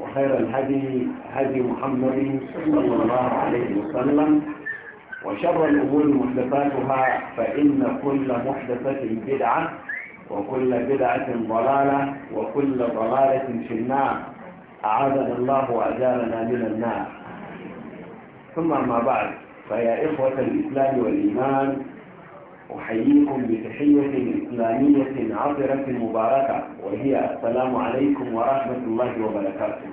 وخير الهدي هدي محمد صلى الله عليه وسلم وشر الأمور محدثاتها فإن كل محدثة بدعة وكل بدعة ضلالة وكل ضلالة في النار أعاذنا الله وأجارنا من النار ثم ما بعد فيا إخوة الإسلام والإيمان أحييكم بتحية إسلامية عطرة مباركة وهي السلام عليكم ورحمة الله وبركاته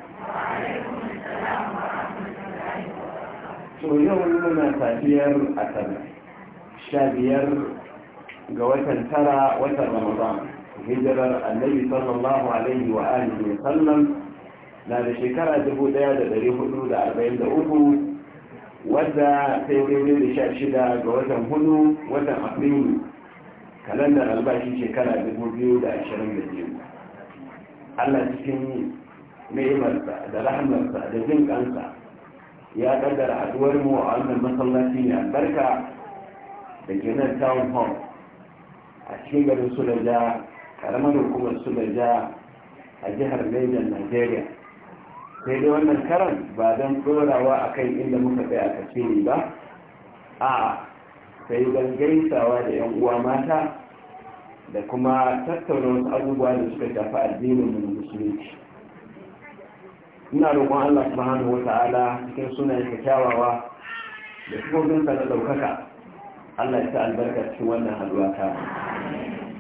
يوم لنا تأثير أثر شابير قوة ترى وتر رمضان هجر النبي صلى الله عليه وآله وسلم لا شكرا دبو دياد دريه حدود أربعين دقوه wadda sai daidai da sha shida ga watan hudu watan afrilu kalandar albashi shekara dubu biyu da ashirin da allah cikin ni'imarsa da rahamarsa da jin kansa ya kaddara haduwar mu a wannan masallaci ne albarka da ke nan town hall a cikin garin sulaja karamar hukumar sulaja a jihar Niger Nigeria sai dai wannan karan ba don tsorawa a kan inda muka tsaye a kashe ne ba a sai don gaisawa da yan uwa mata da kuma tattauna wasu abubuwa da suka shafi addinin mu musulunci ina roƙon Allah subhanahu wata'ala cikin sunan kyakkyawawa da sifofin sa ɗaukaka Allah ya sa albarka cikin wannan haɗuwa ta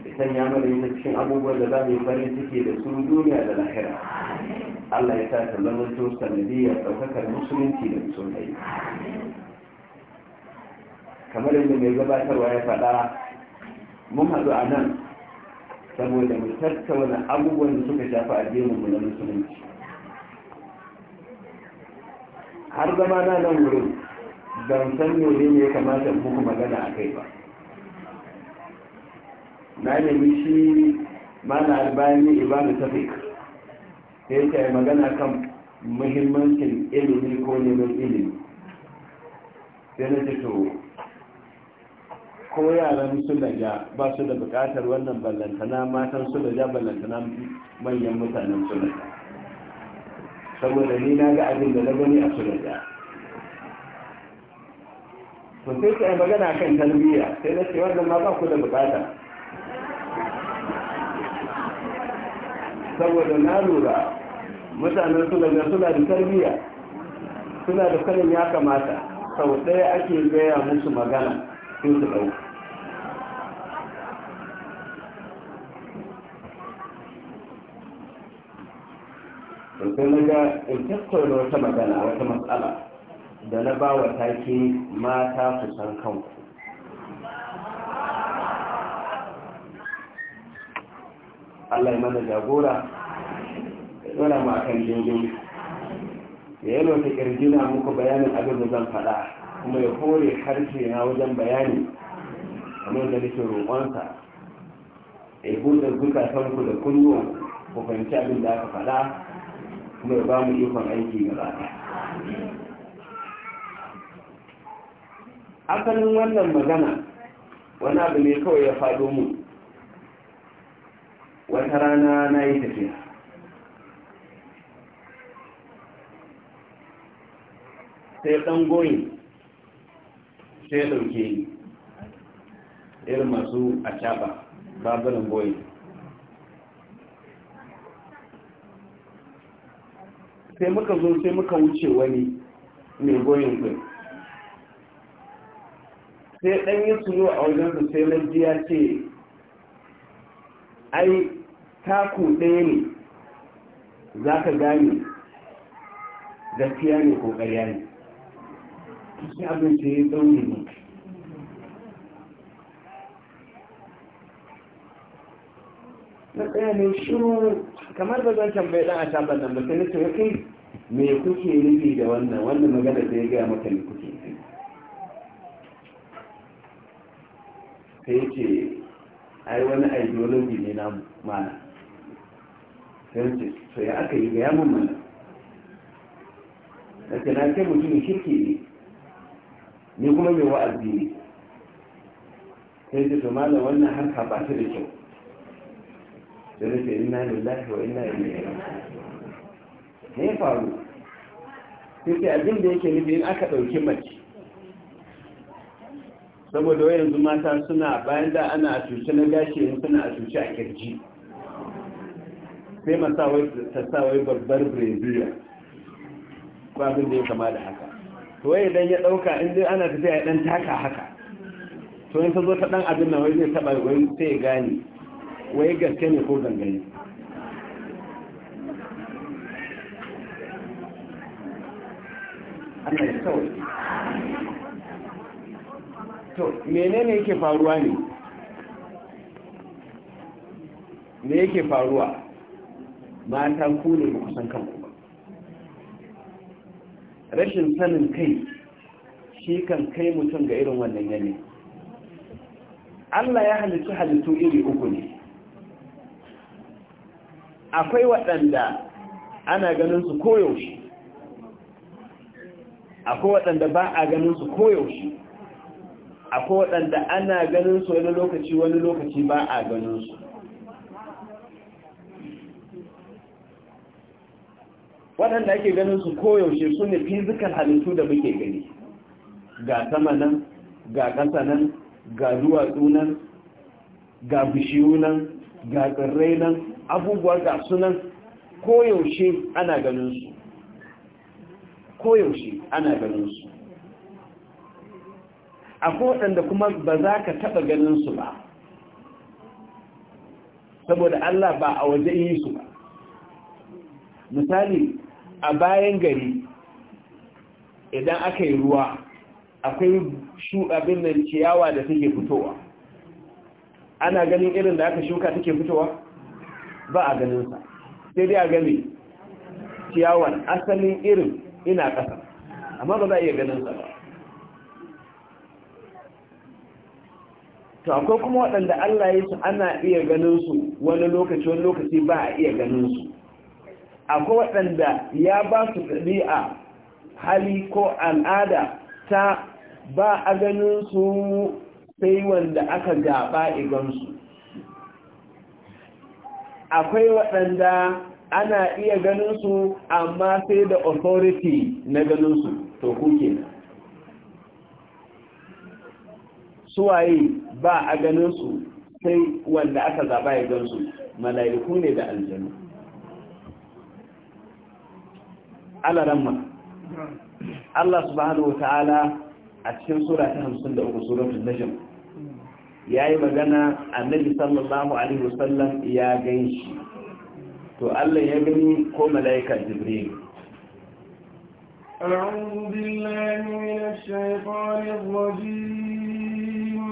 ya sanya mana ta cikin abubuwan da za mu yi farin ciki da su duniya da lahira Allah ya sa ta zama sanadiyar ɗaukakar musulunci da musulmai kamar yadda mai gabatarwa ya faɗa mun haɗu a nan saboda mu tattauna abubuwan da suka shafi mu na musulunci har zama na nan wurin ban san ne ya kamata muku magana a kai ba na nemi shi mana albani ibanu tafi. da yake magana kan muhimmancin ilimi ko neman ilimi sai na ce to ko yaran su ja ba su da bukatar wannan ballantana matan su ja ballantana manyan mutanen su ja saboda ni na ga abin da na gani a su ja to sai ta yi magana kan tarbiyya sai na ce wannan ma ba ku da bukata saboda na lura mutanen da suna da tarbiyya suna da kanin ya kamata sau ɗaya ake gaya musu magana sun su ɗau sai na ga in tattauna wata magana wata matsala da na bawa wa take mata kusan san kanku Allah ya mana jagora tsora mu akan daidai ya yi lauta muku bayanin abin da zan faɗa kuma ya hore harshe na wajen bayani kamar da nake roƙonsa ya buɗe zukatanku da kunnuwan ku fahimci abin da aka faɗa kuma ya ba mu ikon aiki gaba asalin wannan magana wani abu ne kawai ya faɗo mu wata rana na yi tafiya sai ɗan goyin sai ɗauke irin masu a caɓa babanin goyin sai muka zo sai muka wuce wani mai goyin ɗin sai ɗan yi suno a wajen sai lajiya ce ai taku ɗaya ne za ka gane gaskiya ne ko ƙarya ne sai abin da ya tsauni ne na ɗaya ne shiru kamar ba zan tambayi dan a tabar nan ba sai na ce kai me kuke nufi da wannan wannan magana da ya gaya maka ne kuke nufi sai ce ai wani ideology ne na mana sai ce so ya aka yi gaya mun mana na ce na ce mutum kirki ne ni kuma mai wa'azi ne sai ce to malam wannan harka ba ta da kyau da nake inna lillahi wa ina ilaihi ne ya faru sai ce abin da yake nufi in aka ɗauki mace saboda wa yanzu mata suna bayan da ana a cuce na gashi yin suna a cuce a kirji sai masawai ta sawai babbar brazil ko abin da ya kama da haka to wai idan ya ɗauka in dai ana tafiya ya ɗan taka haka to in ta zo ta ɗan abin nan wai zai taba wai sai gane wai gaske ne ko gangane Allah ya kawai to menene yake faruwa ne me yake faruwa mata ku ne ba kusan kanku rashin sanin kai shi kan kai mutum ga irin wannan yanayi Allah ya halittu halittu iri uku ne akwai waɗanda ana ganin su koyaushe akwai waɗanda ba a ganin su koyaushe akwai waɗanda ana ganin su wani lokaci wani lokaci ba a ganin su waɗanda ake ganin su koyaushe su ne fizikal halittu da muke gani ga sama nan ga ƙasa nan ga duwatsu nan ga bishiyu nan ga tsirrai nan abubuwa ga sunan koyaushe ana ganin su koyaushe ana ganin su akwai waɗanda kuma ba za ka taɓa ganin su ba saboda Allah ba a waje yi su ba misali a bayan gari idan aka yi ruwa akwai abin da ciyawa da take fitowa ana ganin irin da aka shuka take fitowa ba a ganinsa sai dai a gani ciyawar asalin irin ina ƙasa amma ba za a iya ganinsa ba to akwai kuma waɗanda Allah ya su ana iya ganinsu wani lokaci wani lokaci ba a iya ganinsu akwai waɗanda ya ba su ɗabi'a hali ko al'ada ta ba a ganin su sai wanda aka gaba igansu akwai waɗanda ana iya ganin su amma sai da authority na ganin su to kuke suwaye ba a ganin su sai wanda aka zaba ya gansu ne da aljanu alaramma Allah subhanahu wa ta'ala a cikin sura ta 53 suratul najm yi magana annabi sallallahu alaihi wasallam ya ganshi to Allah ya gani ko malaika jibril أعوذ بالله من الشيطان الرجيم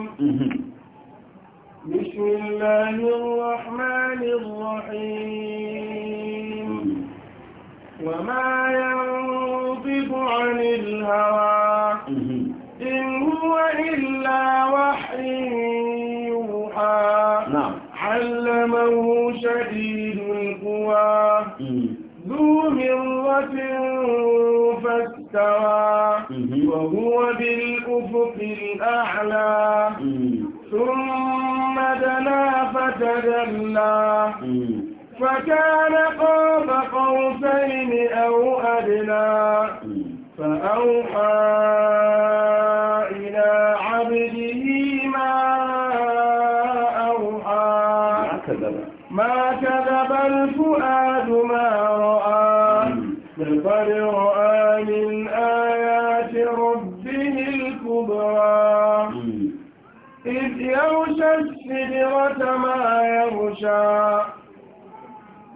بسم الله الرحمن الرحيم وما ينطق عن الهوى إن هو إلا وحي يوحى نعم علمه شديد القوى ذو مرة فاستوى وهو بالأفق الأعلى ثم دنا فتدلى فكان قام قوسين أو أدنى فأوحى إلى عبده ما أوحى ما كذب الفؤاد ما رأى لقد رأى من آيات ربه الكبرى إذ يغشى السدرة ما يغشى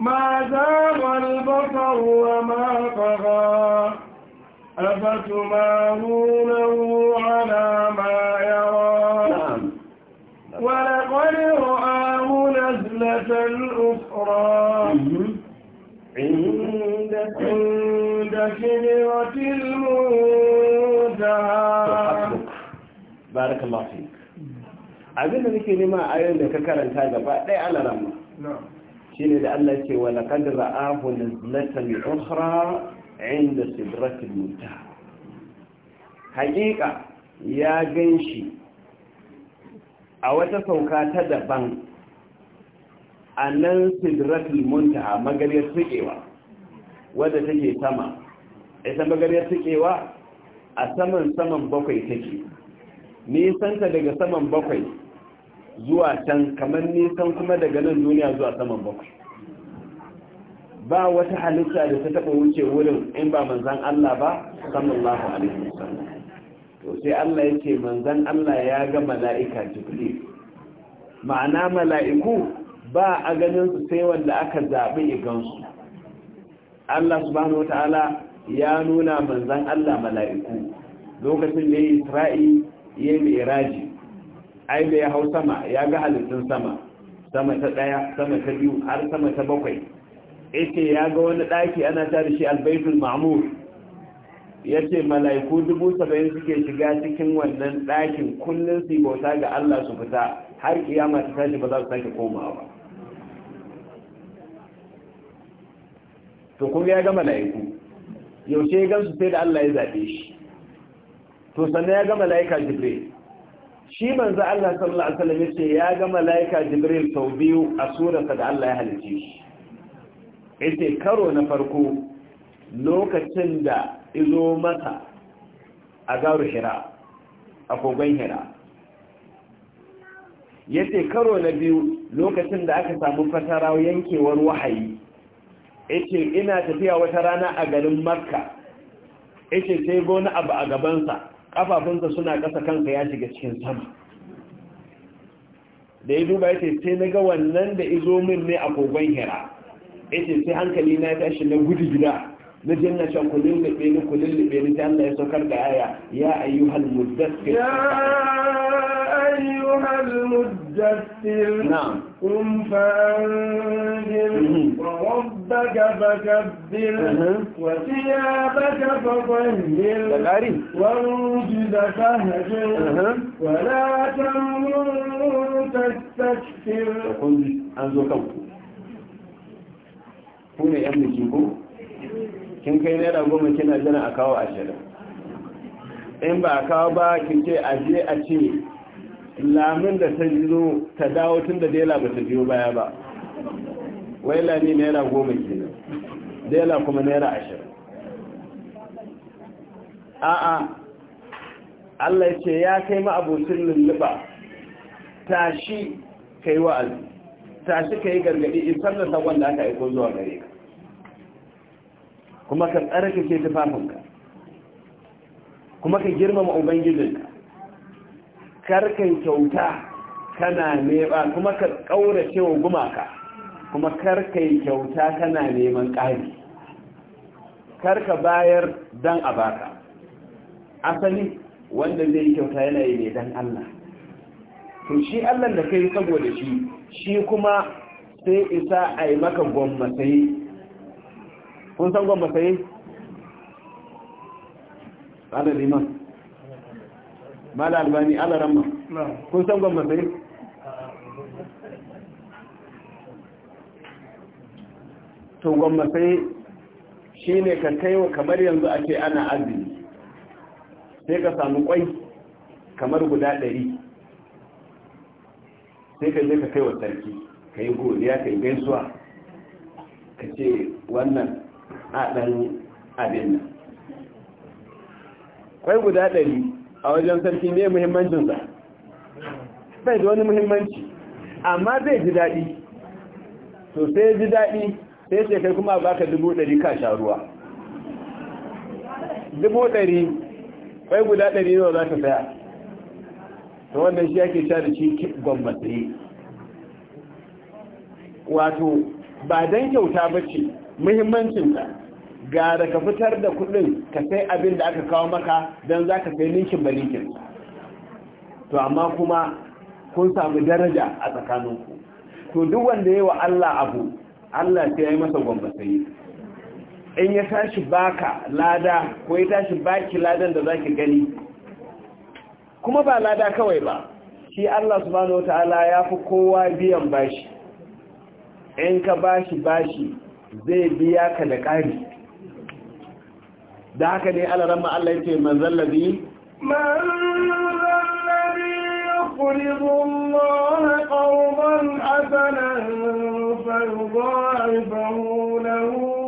ما زاغ البصر وما طغى أفتمارونه على ما يرى نعم. ولقد رآه نزلة أخرى عند عند كبرة المنتهى بارك الله فيك عزيزي كلمة أيضا nema a yau da shine da Allah ce wa laqad ra'ahu nazlatan ukhra 'inda sidratil muntaha haƙiƙa ya ganshi a wata sauka ta daban a nan sidratul muntaha magariyar sukewa wadda take sama isa magariyar sukewa a saman saman bakwai take nisanta daga saman bakwai zuwa can kamar nisan kuma daga nan duniya zuwa saman bakwai ba wata halitta da ta taɓa wuce wurin in ba manzan Allah ba sallallahu alaihi wasallam to sai Allah ya ce manzan Allah ya ga mala'ika jibril ma'ana mala'iku ba a ganin su sai wanda aka zaɓi igansu Allah subhanahu wata'ala ya nuna manzan Allah mala'iku lokacin da ya yi isra'i ya yi ai da ya hau sama ya ga halittun sama sama ta ɗaya sama ta biyu har sama ta bakwai yace ya ga wani ɗaki ana ta da shi albaitul ma'mur yace mala'iku dubu saba'in suke shiga cikin wannan ɗakin kullum su bauta ga Allah su fita har kiyama ta tashi ba za su sake komawa ba to kun ya ga mala'iku yaushe ya su sai da Allah ya zaɓe shi to sannan ya ga mala'ika jibril shi manzo Allah sallallahu alaihi wasallam yace ya ga malaika Jibril sau biyu a surarsa da Allah ya halice shi yace karo na farko lokacin da izo masa a garu Hira a kogon Hira yace karo na biyu lokacin da aka samu fatara yankewar wahayi yace ina tafiya wata rana a garin Makka yace sai gona abu a gabansa kafafunsa suna ƙasa kanka ya shiga cikin sama da ya duba yace sai na ga wannan da izo min ne a kogon hira yace sai hankali na tashi na gudu gida na jinna can kulin da ni kulin da ni ta Allah ya saukar da aya ya ayyuhal muddassir ya أيها المدثر قم فأنذر وربك فكبر وثيابك فطهر والرجز ولا تستكثر yan biki ko kin kai naira goma kina jana a kawo ashirin in ba a kawo ba kin ce a je a ce Lamin da ta zo ta dawo tun da dela ba ta biyo baya ba waila ne naira goma kenan dela kuma naira ashirin a'a Allah ya ce ya kai ma abocin lulluba tashi kai wa'azi tashi kai gargadi in da sakon da aka aiko zuwa gare ka kuma ka tsarkake tufafinka kuma ka girmama ubangijinka karkai kyauta kana nema kuma ka ƙaura cewa gumaka kuma karkai kyauta kana neman ƙari karka bayar dan a baka asali wanda zai kyauta yana yi ne don Allah to shi Allah da kai saboda shi shi kuma sai isa ai yi maka gwammasayi kun san gwammasayi? ƙanar liman mala albani ala ramma kun san gwamma sai to gwamma sai shi ne ka kaiwa kamar yanzu a ce ana azumi sai ka samu kwai kamar guda ɗari sai ka je ka kaiwa sarki ka yi godiya ka yi gaisuwa ka ce wannan a ɗan abin kwai guda ɗari a wajen sarki ne muhimmancinsa bai da wani muhimmanci amma zai ji daɗi to sai ji daɗi sai ce kai kuma baka dubu ɗari ka sha ruwa dubu ɗari kai guda ɗari nawa za ta saya to wannan shi yake sha da shi gwamnati wato ba dan kyauta ba ce muhimmancinta gara ka fitar da kudin ka sai abin da aka kawo maka don za ka sai linkin balikin to amma kuma kun samu daraja a tsakaninku to duk wanda yi wa Allah abu Allah sai ya yi masa gwambasai, in ya tashi baka lada ko ya tashi baki ladan da za ki gani kuma ba lada kawai ba shi Allah subhanahu ya fi kowa biyan bashi in ka bashi bashi zai biya ka da ƙari da haka ne ala ramma Allah yake manzal ladhi manzal ladhi yuqridu Allah qawman hasanan fa yudha'ifahu lahu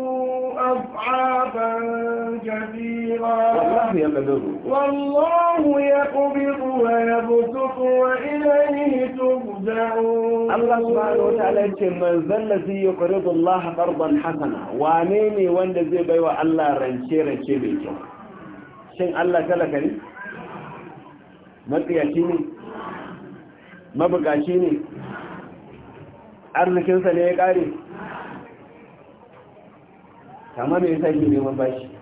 والله يقبض والله يقبض ويبسط وإليه ترجعون الله سبحانه وتعالى من ذا الذي يقرض الله قرضا حسنا وانيني وان ذي بيوى الله رنشي رنشي بيكو shin Allah تلكني ne matsiyaci ne mabukaci ne arzikinsa ne ya ƙare kama mai sake neman bashi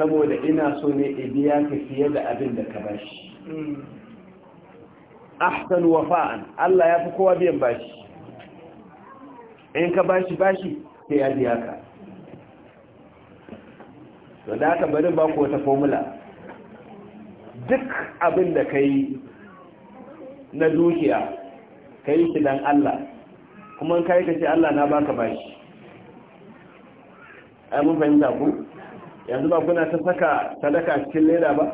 saboda ina so ne ibiya ka fiye da abin da ka bashi hmm. ahsan wafa'an Allah ya fi kowa biyan bashi in ka bashi bashi sai ya biya ka to da aka bari ba ku wata formula duk abin da ka yi na dukiya ka yi shi don Allah kuma ka yi ka ce Allah na baka bashi ai mun fahimta ku yanzu ba kuna ta saka sadaka cikin leda ba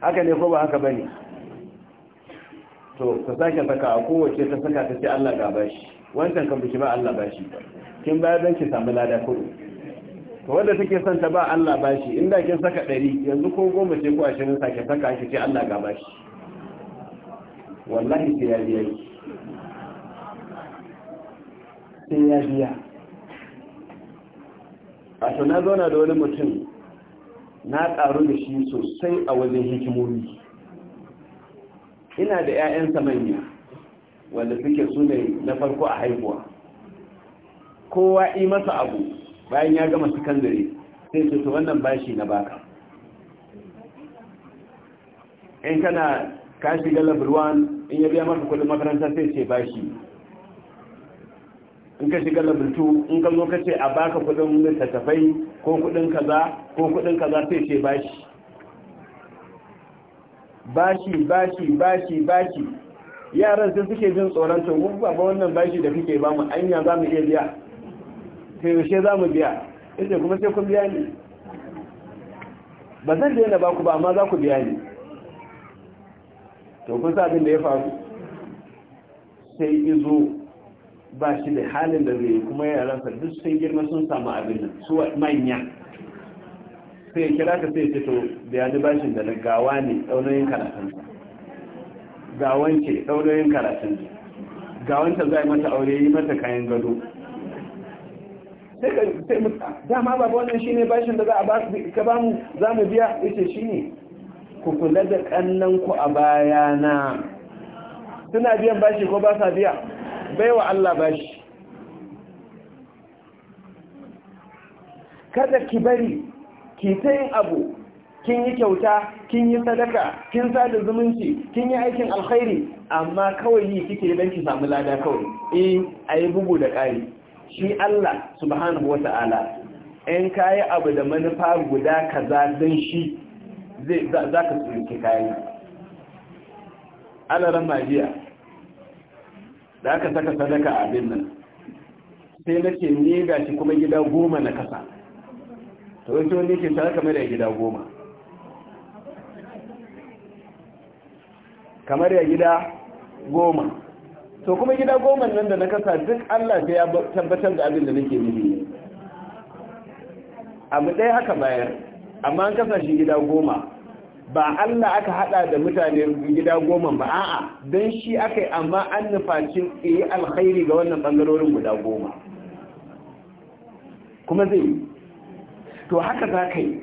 haka ne ko ba haka bane to ka sake saka a kowace ta saka ta ce Allah ga bashi wancan kan biki ba Allah bashi kin bayar don ki samu lada kudu to wanda take son ta ba Allah bashi inda kin saka 100 yanzu ko goma ce ko 20 sake saka ki ce Allah ga bashi wallahi sai ya biya sai ya biya wato na zauna da wani mutum na ƙaru da shi sosai a wajen hikimomi ina da 'ya'yansa manya wanda suke su ne na farko a haihuwa kowa yi masa abu bayan ya gama sakandare sai su su wannan bashi na baka in kana kashi galabar in ya biya masa kudin makaranta sai ce bashi in ka shiga labirtu in ka zo ka ce a baka kudin littattafai ko kudin kaza ko kudin kaza sai ce bashi bashi bashi bashi bashi yaran sai suke jin tsoron to mu ba wannan bashi da kuke ba mu anya za mu iya biya sai yaushe za mu biya ita kuma sai kun biya ni ba zan daina ba ku ba amma za ku biya ni to kun sa abin da ya faru sai izo ba shi da halin da zai kuma ya rasa, duk sun girma sun samu abin nan su manya sai ya kira ka sai ya fito da ji bashin da gawa ne ɗaunoyin karatun gawan ke ɗaunoyin karatun ga wanta zai mata aure yi mata kayan gado sai mu dama ba wannan shine bashin da za a ka ba mu za mu biya shi ne ku kula da kannan ku a bayana suna biyan bashi ko ba sa biya baiwa Allah bashi kada ki bari ki ta abu kin yi kyauta kin yi sadaka kin sada zumunci kin yi aikin alkhairi amma kawai yi kike don ki samu lada kawai eh ayi bugu da ƙari shi Allah subhanahu wata'ala in kai abu da manufa guda kaza don shi zai za ka tsoki kayi alaran da aka saka sadaka a abin nan sai na ce ni ga shi kuma gida goma na kasa to wani wani ke sadaka kamar ya gida goma kamar ya gida goma to kuma gida goma nan da na kasa duk allah ya tabbatar da abin da nake nufi abu ɗaya haka bayar amma an kasa shi gida goma ba Allah aka hada da mutane gida goma ba a'a dan shi aka yi amma an nufaci yi alkhairi ga wannan bangarorin guda goma kuma zai to haka za ka yi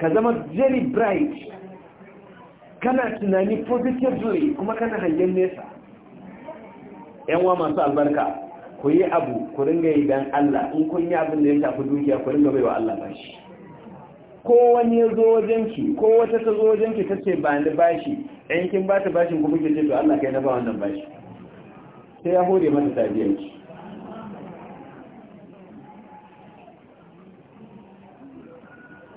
ka zama very bright kana tunani positively kuma kana hangen nesa yanwa masu albarka ku yi abu ku ringa yi don Allah in kun yi abin da ya shafi dukiya ku ringa baiwa Allah bashi ko wani ya zo wajenki ko wata ta zo wajenki ta ce ba ni bashi ɗan kin ba ta bashin kuma ke ce to Allah kai na ba wannan bashi sai ya hore mata tabiyanki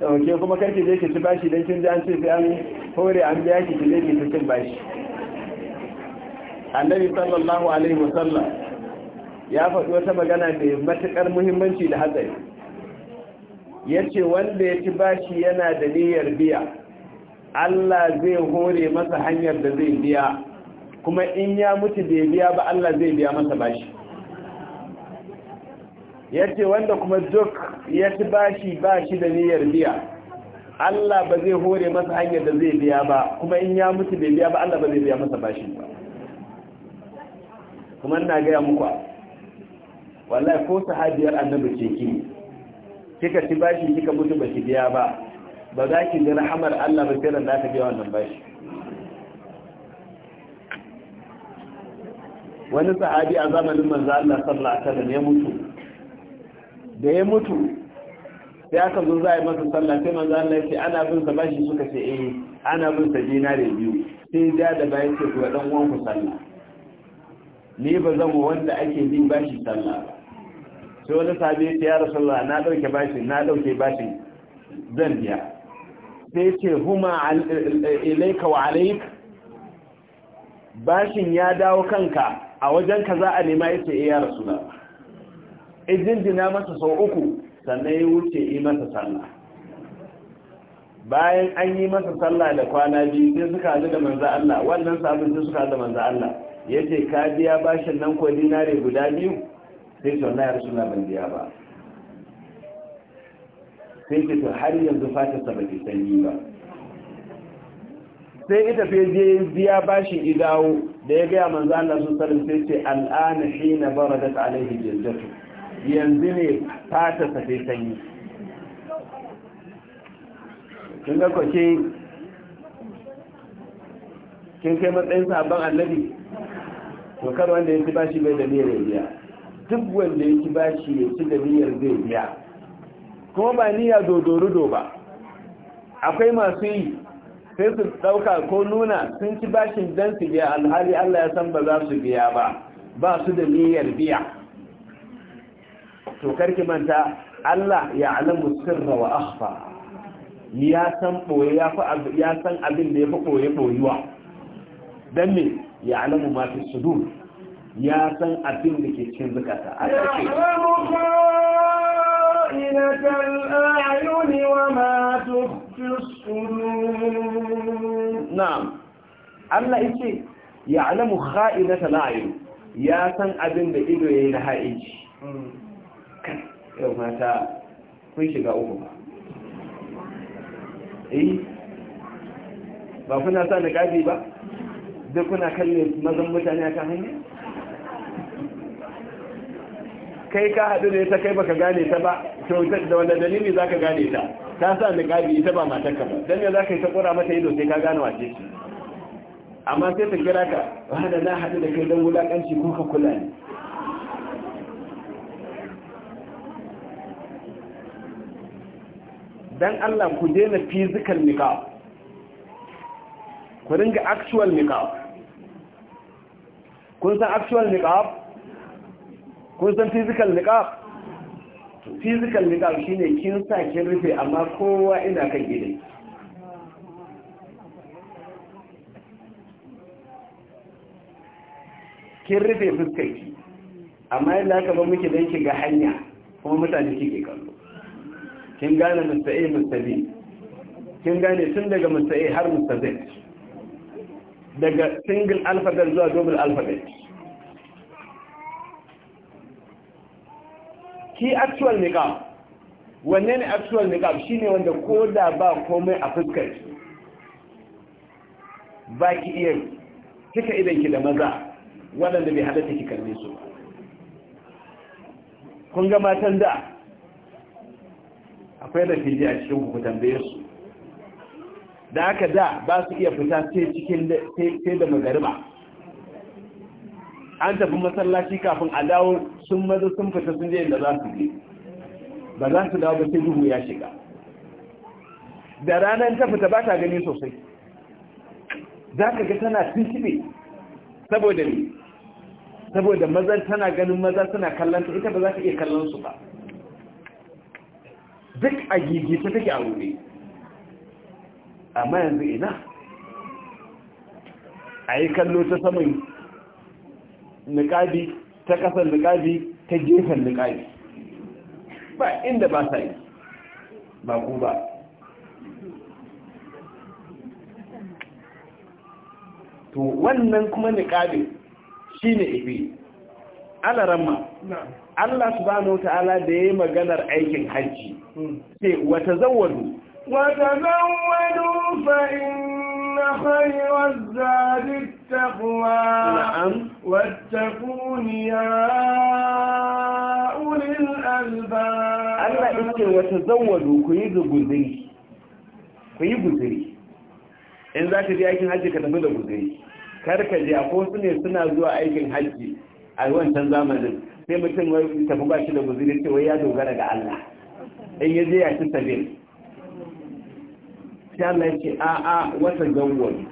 ɗauke kuma karki je ki ci bashi don kin ji an ce sai an hore an biya ki ki zai ki ci cin bashi annabi sallallahu alaihi wasallam ya faɗi wata magana mai matuƙar muhimmanci da hatsari ya ce wanda ya ci bashi yana da niyyar biya Allah zai hore masa hanyar da zai biya kuma in ya mutu bai biya ba Allah zai biya masa bashi ya ce wanda kuma duk ya ci bashi bashi da niyyar biya Allah ba zai hore masa hanyar da zai biya ba kuma in ya mutu bai biya ba Allah ba zai biya masa bashi ba kuma ina gaya muku wallahi ko sahabiyar annabi ce kini kika ci bashi kika mutu ba ki biya ba ba za ki ji rahamar Allah ba sai za ta biya wannan bashi wani sahabi a zamanin manzo Allah sallallahu alaihi wasallam ya mutu da ya mutu sai aka zo za a yi masa sallah sai manzo Allah ya ce ana bin sa bashi suka ce eh ana bin sa dinare biyu sai ya da bayan ce ku ga dan uwan ku sallah ni ba zan wanda ake bin bashi sallah ba sai wani sabi ya ce ya Allah na dauke bashi na dauke bashi zan biya sai ce huma ilaika wa alaik bashin ya dawo kanka a wajen ka za a nema ya ce eh, ya rasulullah jina masa sau uku sannan ya wuce yi masa sallah bayan an yi masa sallah da kwana biyu sai suka haɗu da manzo Allah wannan sabon sai suka haɗu da manzo Allah yace ka biya bashin nan ko dinare guda biyu sai ce na ya suna na ban biya ba sai ke to har yanzu fatarsa ba ke sanyi ba sai ita fe je biya shi idawo da ya gaya manzo Allah sun sarin sai ce al'ana da baradat alaihi jazzatu yanzu ne fata sa sai sanyi kin ga ko ke kin kai matsayin sabon annabi to kar wanda ya ci bashi bai da niyyar biya duk wanda ya ci bashi ya ci da niyyar zai biya kuma ba niyya dodorudo ba akwai masu yi sai su ɗauka ko nuna sun ci bashin don su biya alhali Allah ya san ba za su biya ba ba su da niyyar biya to karki manta Allah ya alamu sirra wa akhfa ya san boye ya san abin da ya fi ɓoye-ɓoye boyuwa dan me ya alamu ma fi sudur ya san abin da ke cikin zukata a na'am Allah yace ya alamu kha'inata la'ayin ya san abin da ido ya yi na ha'inci yau mata kun shiga uku ba eh ba kuna sa da gabi ba duk kuna kalle mazan mutane kan hanya kai ka haɗu da ita kai baka gane ta ba to da wanda dalili zaka gane ta ta sa gabi ita ba matar ka ba dan me zaka yi ta kora mata ido sai ka gane wace ce amma sai ta kira ka wanda na haɗu da kai dan wulakanci ko ka kula ne dan Allah ku daina physical niqab ku ringa actual niqab kun san actual niqab kun san physical niqab physical niqab shine kin sa kin rufe amma kowa ina kan gida. kin rufe fuskarki amma yadda aka ba muke danki ga hanya kuma mutane kike kallo kin gane Mr. A kin gane tun daga Mr. har Mr. daga single alphabet zuwa double alphabet shi actual niqab wanne ne actual niqab shine wanda ko da ba komai a fuskar ba ki iya cika idan ki da maza waɗanda bai halatta ki kalle su kun ga matan da akwai da fili a cikin ku tambaye su da haka da ba su iya fita sai cikin sai da magariba an tafi masallaci kafin a dawo sun maza sun fita sun je da za su je ba za su dawo ba sai duhu ya shiga da ranar ta fita ba ta gani sosai za ka ga tana shibe saboda ne saboda mazan tana ganin maza suna kallanta ita ba za ta iya kallon su ba duk a ta take a wuri amma yanzu ina a yi kallo ta saman niƙabi ta ƙasar niƙabi ta gefen niƙabi ba inda ba sa yi ba ku ba to wannan kuma niƙabi shi ne ala ramma Allah subhanahu ta'ala da ya yi maganar aikin hajji hmm. sai wata zawadu wata zawadu fa'in خير الزاد التقوى نعم واتقون يا أولي الألباب أنا إذن وتزودوا كيد قزري كيد قزري in za ka je aikin hajji ka tafi da guzuri kar ka je a ko su ne suna zuwa aikin hajji a wancan zamanin sai mutum wai tafi ba shi da guzuri da cewa ya dogara ga Allah in ya je ya ci sabin sai Allah ya ce a'a wata gangon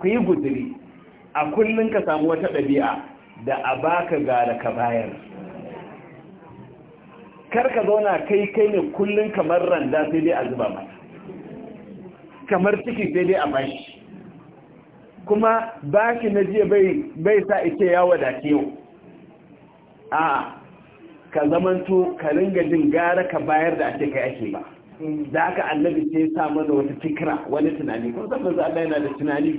ku yi guduri a kullum ka samu wata ɗabi'a da a baka gara ka bayar kar ka zauna kai kai ne kullum kamar randa sai dai a zuba mata kamar ciki sai dai a bashi kuma bashi na jiya bai sa ike ya wadace yau a ka zamanto ka ringa jin gara ka bayar da ake kai ake ba da aka annabi sai ya sa mana wata fikira wani tunani kun san manzo Allah yana da tunani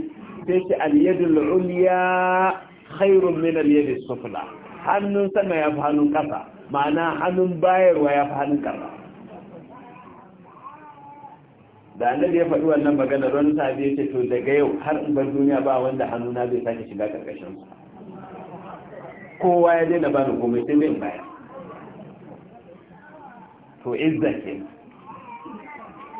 sai ce al-yadul ulya khairun min al-yadi sufla hannun sama ya fi hannun kasa ma'ana hannun bayarwa ya fi hannun kasa da annabi ya faɗi wannan magana don ta ya ce to daga yau har in bar duniya ba wanda hannuna zai sake shiga karkashin sa kowa ya daina bani komai sai zai bayar to izza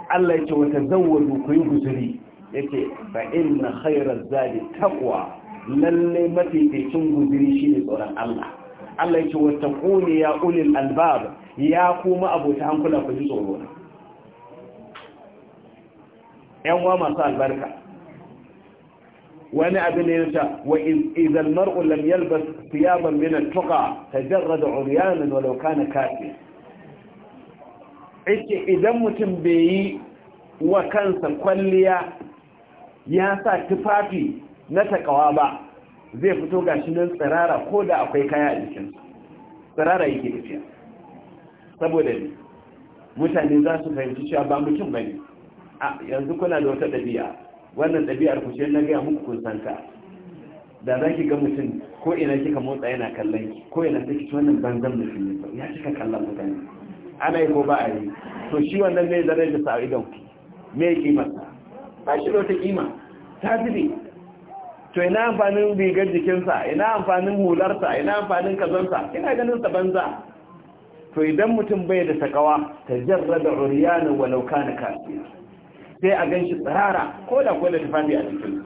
Allah ya ce wata zawwaju ku yi guzuri yake fa inna khairaz zadi taqwa lalle mafificin guzuri shine tsoron Allah Allah ya wata kuni ya ulil albab ya kuma abota hankula kula ku ji tsoro yan wa masu albarka wani abin ne ta wa idan mar'u lam yalbas thiyaban min at-taqa tajarrada uryanan walau kana kafir ake idan mutum bai yi wa kansa kwalliya ya sa tufafi na takawa ba zai fito ga shi nan tsirara ko da akwai kaya a jikinsu tsirara yake tafiya saboda ne mutane za su fahimci cewa ba mutum ba ne a yanzu kuna da wata ɗabi'a wannan ɗabi'ar ku ce na gaya muku kun san ka da za ki ga mutum ko ina kika motsa yana kallon ki ko ina ta kici wannan banzan mutum ya cika kallon mutane ana yi ko ba a yi to shi wannan zai zarar da idan don me yake masa ba shi da wata kima ta zube to ina amfanin rigar jikinsa ina amfanin hularsa ina amfanin kazansa ina ganin sa banza to idan mutum bai da sakawa ta jarra da uriyana walau kana kasiya sai a gan shi tsirara ko da ko da tafi a jikin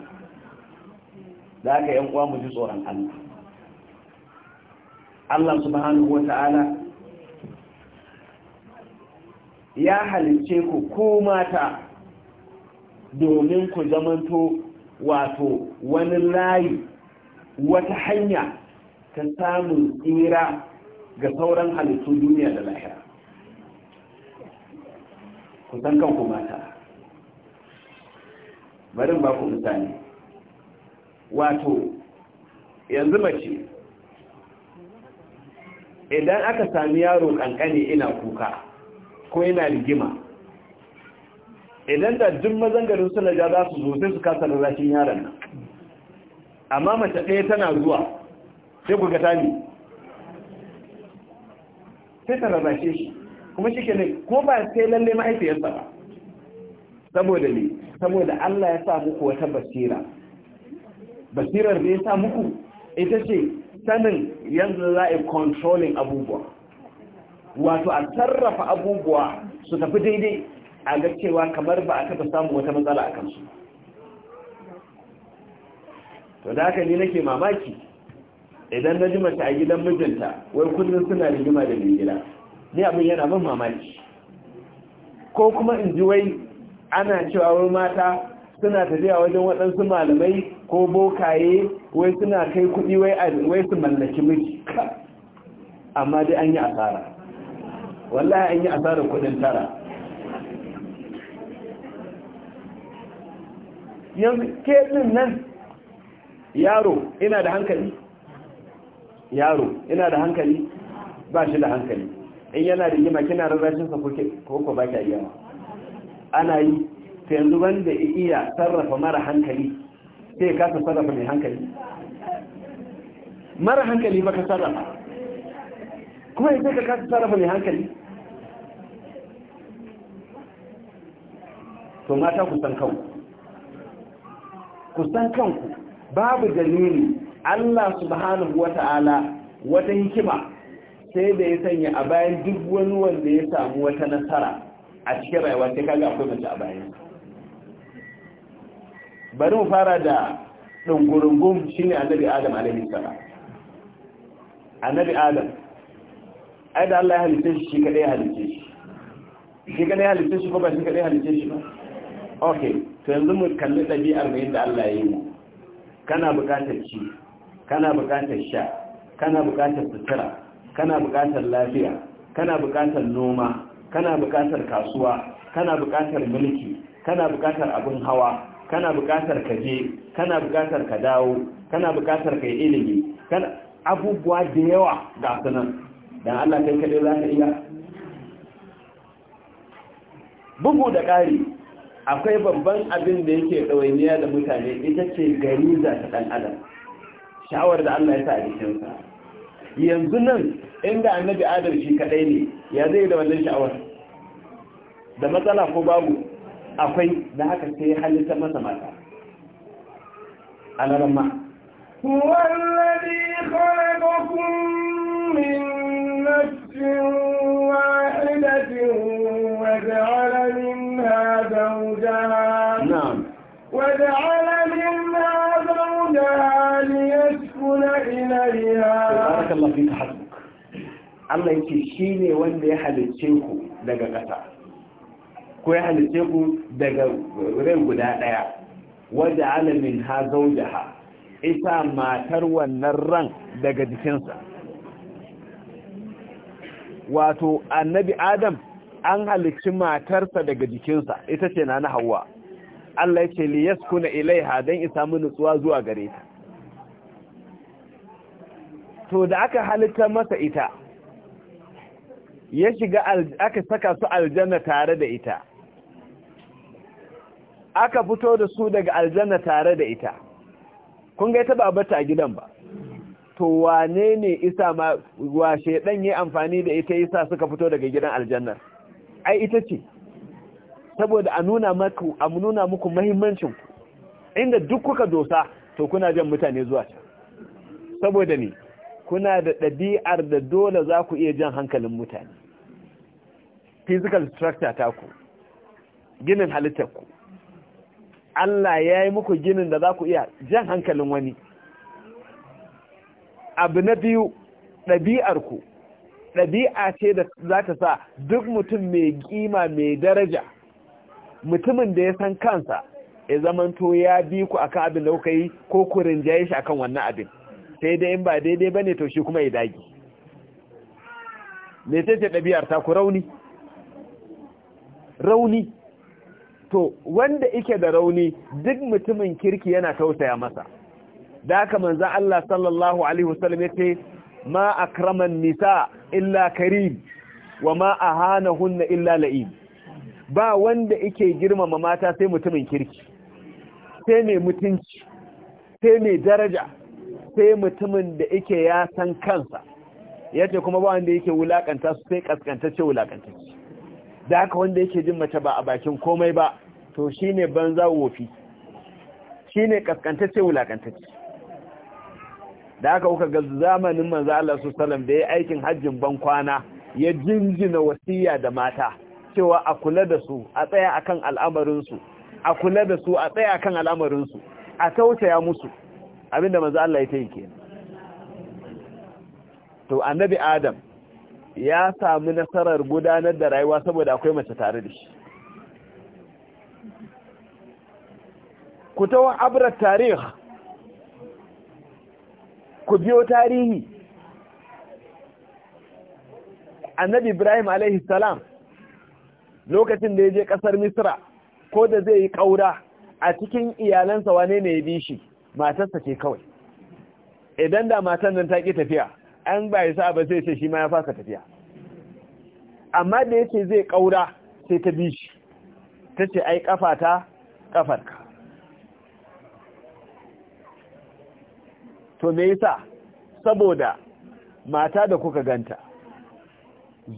da aka yan uwa mu ji tsoron Allah Allah subhanahu wa ta'ala ya halince ku ko mata domin ku zamanto wato wani layi wata hanya ta samun tsira ga sauran halittu duniya da lahira ku san kanku mata bari ba ku misali wato yanzu mace idan aka sami yaro kankane ina kuka ko yana rigima idan da duk mazan garin suna ja za su zo sai su kasa rarrashin yaron nan amma mace ɗaya tana zuwa sai ku gata ne sai ta rarrashe shi kuma shi kenan ko ba sai lalle mahaifiyarsa ba saboda ne saboda Allah ya sa muku wata basira basirar da ya sa muku ita ce sanin yanzu za a yi controlling abubuwa wato a sarrafa abubuwa su tafi daidai a ga cewa kamar ba a taɓa samun wata matsala a kansu to da haka ne nake mamaki idan na ji mace a gidan mijinta wai kullum suna rigima da mai gida ni abin yana min mamaki ko kuma in ji wai ana cewa wai mata suna tafiya wajen waɗansu malamai ko bokaye wai suna kai kuɗi wai su mallaki miji amma dai an yi asara wallahi an yi asarar kudin tara yanzu ketin nan yaro ina da hankali yaro ina da hankali ba shi da hankali in yana da yi kina rarrashin sa ko ko ba ka yi ana yi ta yanzu wanda iya sarrafa mara hankali sai kasa sarrafa mai hankali mara hankali ba ka sarrafa kuma sai ka kasa sarrafa mai hankali to mata ku san kanku ku san kanku babu dalili Allah subhanahu wata'ala wata hikima sai da ya sanya a bayan duk wani wanda ya samu wata nasara a cikin rayuwa sai kaga akwai mace a bayan bari mu fara da dungurungun shine annabi Adam alaihi salam annabi Adam ai da Allah ya halitta shi kadai ya shi shi kadai ya shi ko ba shi kadai ya shi ba ok to yanzu mu kalli ɗabi'ar da yadda Allah ya yi mu kana buƙatar ci kana buƙatar sha kana buƙatar sutura kana buƙatar lafiya kana buƙatar noma kana buƙatar kasuwa kana buƙatar mulki kana buƙatar abin hawa kana buƙatar kaje kana buƙatar ka dawo kana buƙatar kai ilimi kana abubuwa da yawa ga sunan dan Allah kai kade za ka iya bugu da ƙari akwai babban abin da yake ɗawainiya da mutane ita ce gariza ta ɗan adam shawar da Allah ya sa a jikinsa yanzu nan inda annabi adam shi kaɗai ne ya zai da wannan sha'awar da matsala ko babu akwai da haka sai halitta masa mata alaran ma wallazi khalaqakum min nafsin زوجها Allah yake shi ne wanda ya halicce ku daga ƙasa ko ya halicce ku daga rai guda ɗaya wadda alamin ha zaujaha isa matar wannan ran daga jikinsa wato annabi adam an halicci matarsa daga jikinsa ita ce na na hawa Allah ya ce li yaskuna ilaiha dan isa mu nutsuwa zuwa gare ta to da aka halitta masa ita ya shiga aka saka su aljanna tare da ita aka fito da su daga aljanna tare da ita kun ga ita ba bata a gidan ba to wane ne isa ma washe dan yi amfani da ita yasa suka fito daga gidan aljannar ai ita ce saboda a nuna maku a nuna muku muhimmancin inda duk kuka dosa to kuna jan mutane zuwa can saboda ne kuna da ɗabi'ar da dole za ku iya jan hankalin mutane physical structure ta ku, ginin ku. Allah ya yi muku ginin da za ku iya jan hankalin wani abu na biyu ɗabi'ar ku. ɗabi'a ce da za ta sa duk mutum mai ƙima, mai daraja mutumin da ya san kansa ya zamanto ya bi ku akan abin da kuka yi ko ku rinjaye shi akan wannan abin sai dai in ba daidai bane to shi kuma ya dagi me ce ɗabi'ar ta ku rauni rauni to wanda ike da rauni duk mutumin kirki yana tausaya masa da haka manzo Allah sallallahu alaihi wasallam ce ma akraman nisa illa karim wa ma hunna illa la'im ba wanda ike girmama mata sai mutumin kirki sai mai mutunci sai mai daraja sai mutumin da ike ya san kansa yace kuma ba wanda yake wulakanta su sai kaskantacce wulakantacce da haka wanda yake jin mace ba a bakin komai ba to ne banza wofi shine kaskantacce wulakantacce da aka kuka ga zamanin manzo Allah su sallam da ya aikin hajjin ban kwana ya jinjina wasiya da mata cewa a kula da su a tsaya akan al'amarin su a kula da su a tsaya akan al'amarin su a tausaya musu abinda manzo Allah ya yi yake to annabi Adam ya sami nasarar gudanar da rayuwa saboda akwai mace tare da shi kutawa abrar tarihi ku biyo tarihi annabi ibrahim alaihi salam lokacin da ya je kasar misra ko da zai yi kaura a cikin iyalansa wane ne ya bi shi matarsa ce kawai idan da matan nan ta ƙi tafiya an ba sa ba zai ce shi ma ya fasa tafiya amma da yake zai kaura sai ta bi shi ta ce ai kafata kafarka to me yasa saboda mata da kuka ganta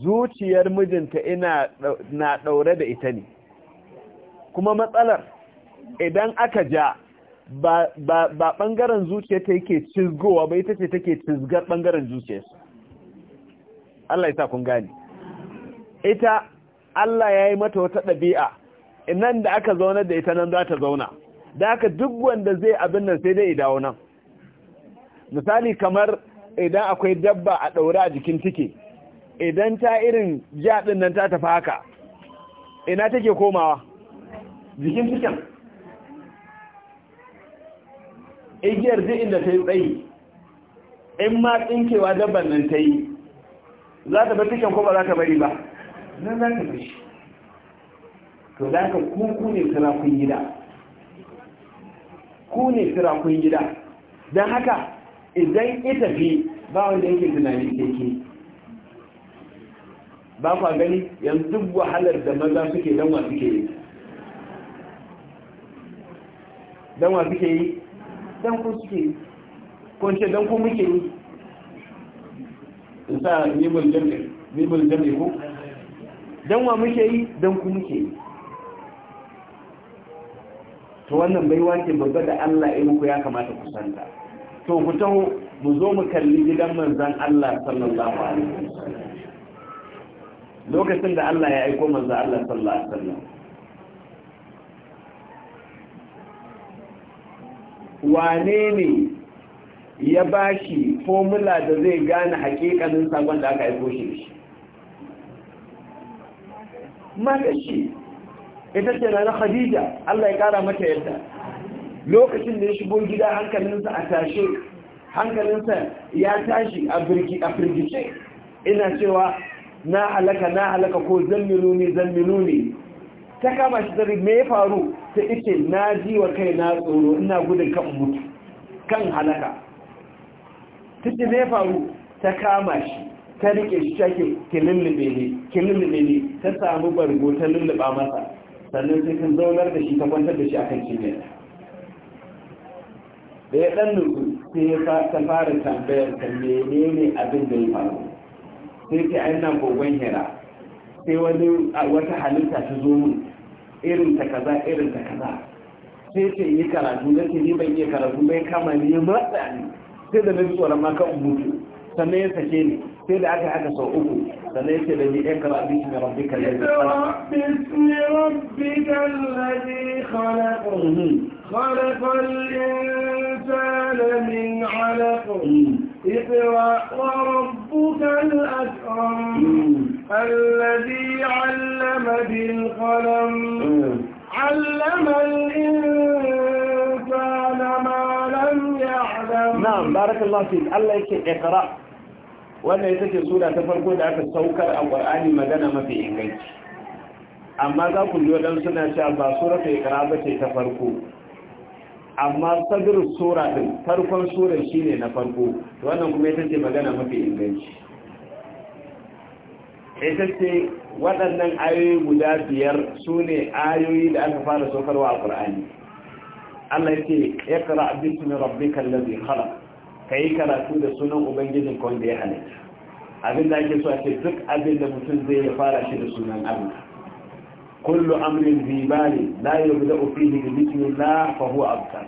zuciyar mijinta ina na daure da ita ne kuma matsalar idan aka ja ba ba bangaren ta yake cizgowa ba ita ce take cizgar bangaren zuciyarsa Allah ya sa kun gane ita Allah ya yi mata wata ɗabi'a nan da aka zauna da ita nan za ta zauna da aka duk wanda zai abin nan sai dai dawo nan misali kamar idan akwai dabba a ɗaure a jikin tike idan ta irin jaɗin nan ta tafi haka ina take komawa jikin tiken igiyar ji inda ta yi tsayi in ma tsinkewa dabban nan ta yi za ta bar tiken ko ba za ta bari ba nan za ta bari to za ka kuku ne sirakun gida ku ne sirakun gida don haka idan ita fi ba wanda yake tunani keke ba kwa gani yanzu duk wahalar da maza suke danwa suke yi danwa suke yi dan ku suke yi ko ce dan ku muke yi in sa nimul jami ko danwa muke yi dan ku muke yi to wannan baiwa ce babba da Allah ya muku ya kamata ku santa to ku taho mu zo mu kalli gidan manzan Allah sallallahu alaihi wasallam lokacin da Allah ya aiko manzan Allah sallallahu alaihi wasallam wane ne ya bashi formula da zai gane hakikanin sakon da aka aiko shi mata shi ita ce na Khadija Allah ya kara mata yadda lokacin da ya shigo gida hankalinsa a tashe hankalinsa ya tashi a firgice ina cewa na halaka na halaka ko zammilu ne zammilu ne ta kama shi zari me ya faru ta ice na ji wa kai na tsoro ina gudun kan mutu kan halaka Titi me ya faru ta kama shi ta rike shi ta ke lullube ne ke lullube ne ta samu bargo ta lulluba masa sannan sai kan zaunar da shi ta kwantar da shi akan cinyar da ya ɗan nuku sai ya ta fara tambayar ta menene abin da ya faru sai ta aina gogon hira sai wani wata halitta ta zo mun irin ta kaza irin ta kaza sai ta yi karatu da ce ni ban iya karatu bai kama ni ya matsa ni sai da na tsoron maka mutu sannan ya sake ni sai da aka haka sau uku sannan mhm. mhm. mhm. yake da bi'ai kama abin mai rabbi kallon خلق الإنسان من علق اقرأ وربك الأكرم الذي علم بالقلم علم الإنسان ما لم يعلم نعم بارك الله فيك الله يكي اقرأ wannan ita ce sura ta farko da aka saukar a ƙwar'ani magana mafi inganci amma za ku ji don suna cewa ba sura ta ikra ba ce ta farko amma sabir sura ɗin farkon sura shi ne na farko wannan kuma ita ce magana mafi inganci ita ce waɗannan ayoyi guda biyar su ne ayoyi da aka fara saukarwa a ƙwar'ani Allah ya ce ya ƙara abin rabbi kallabi khalaq ka yi karatu da sunan ubangijin ka ya halitta abin da ake so a ce duk abin da mutum zai ya fara shi da sunan allah kullu amrin zibali la yubda'u fihi da bismillah fa fahu abtar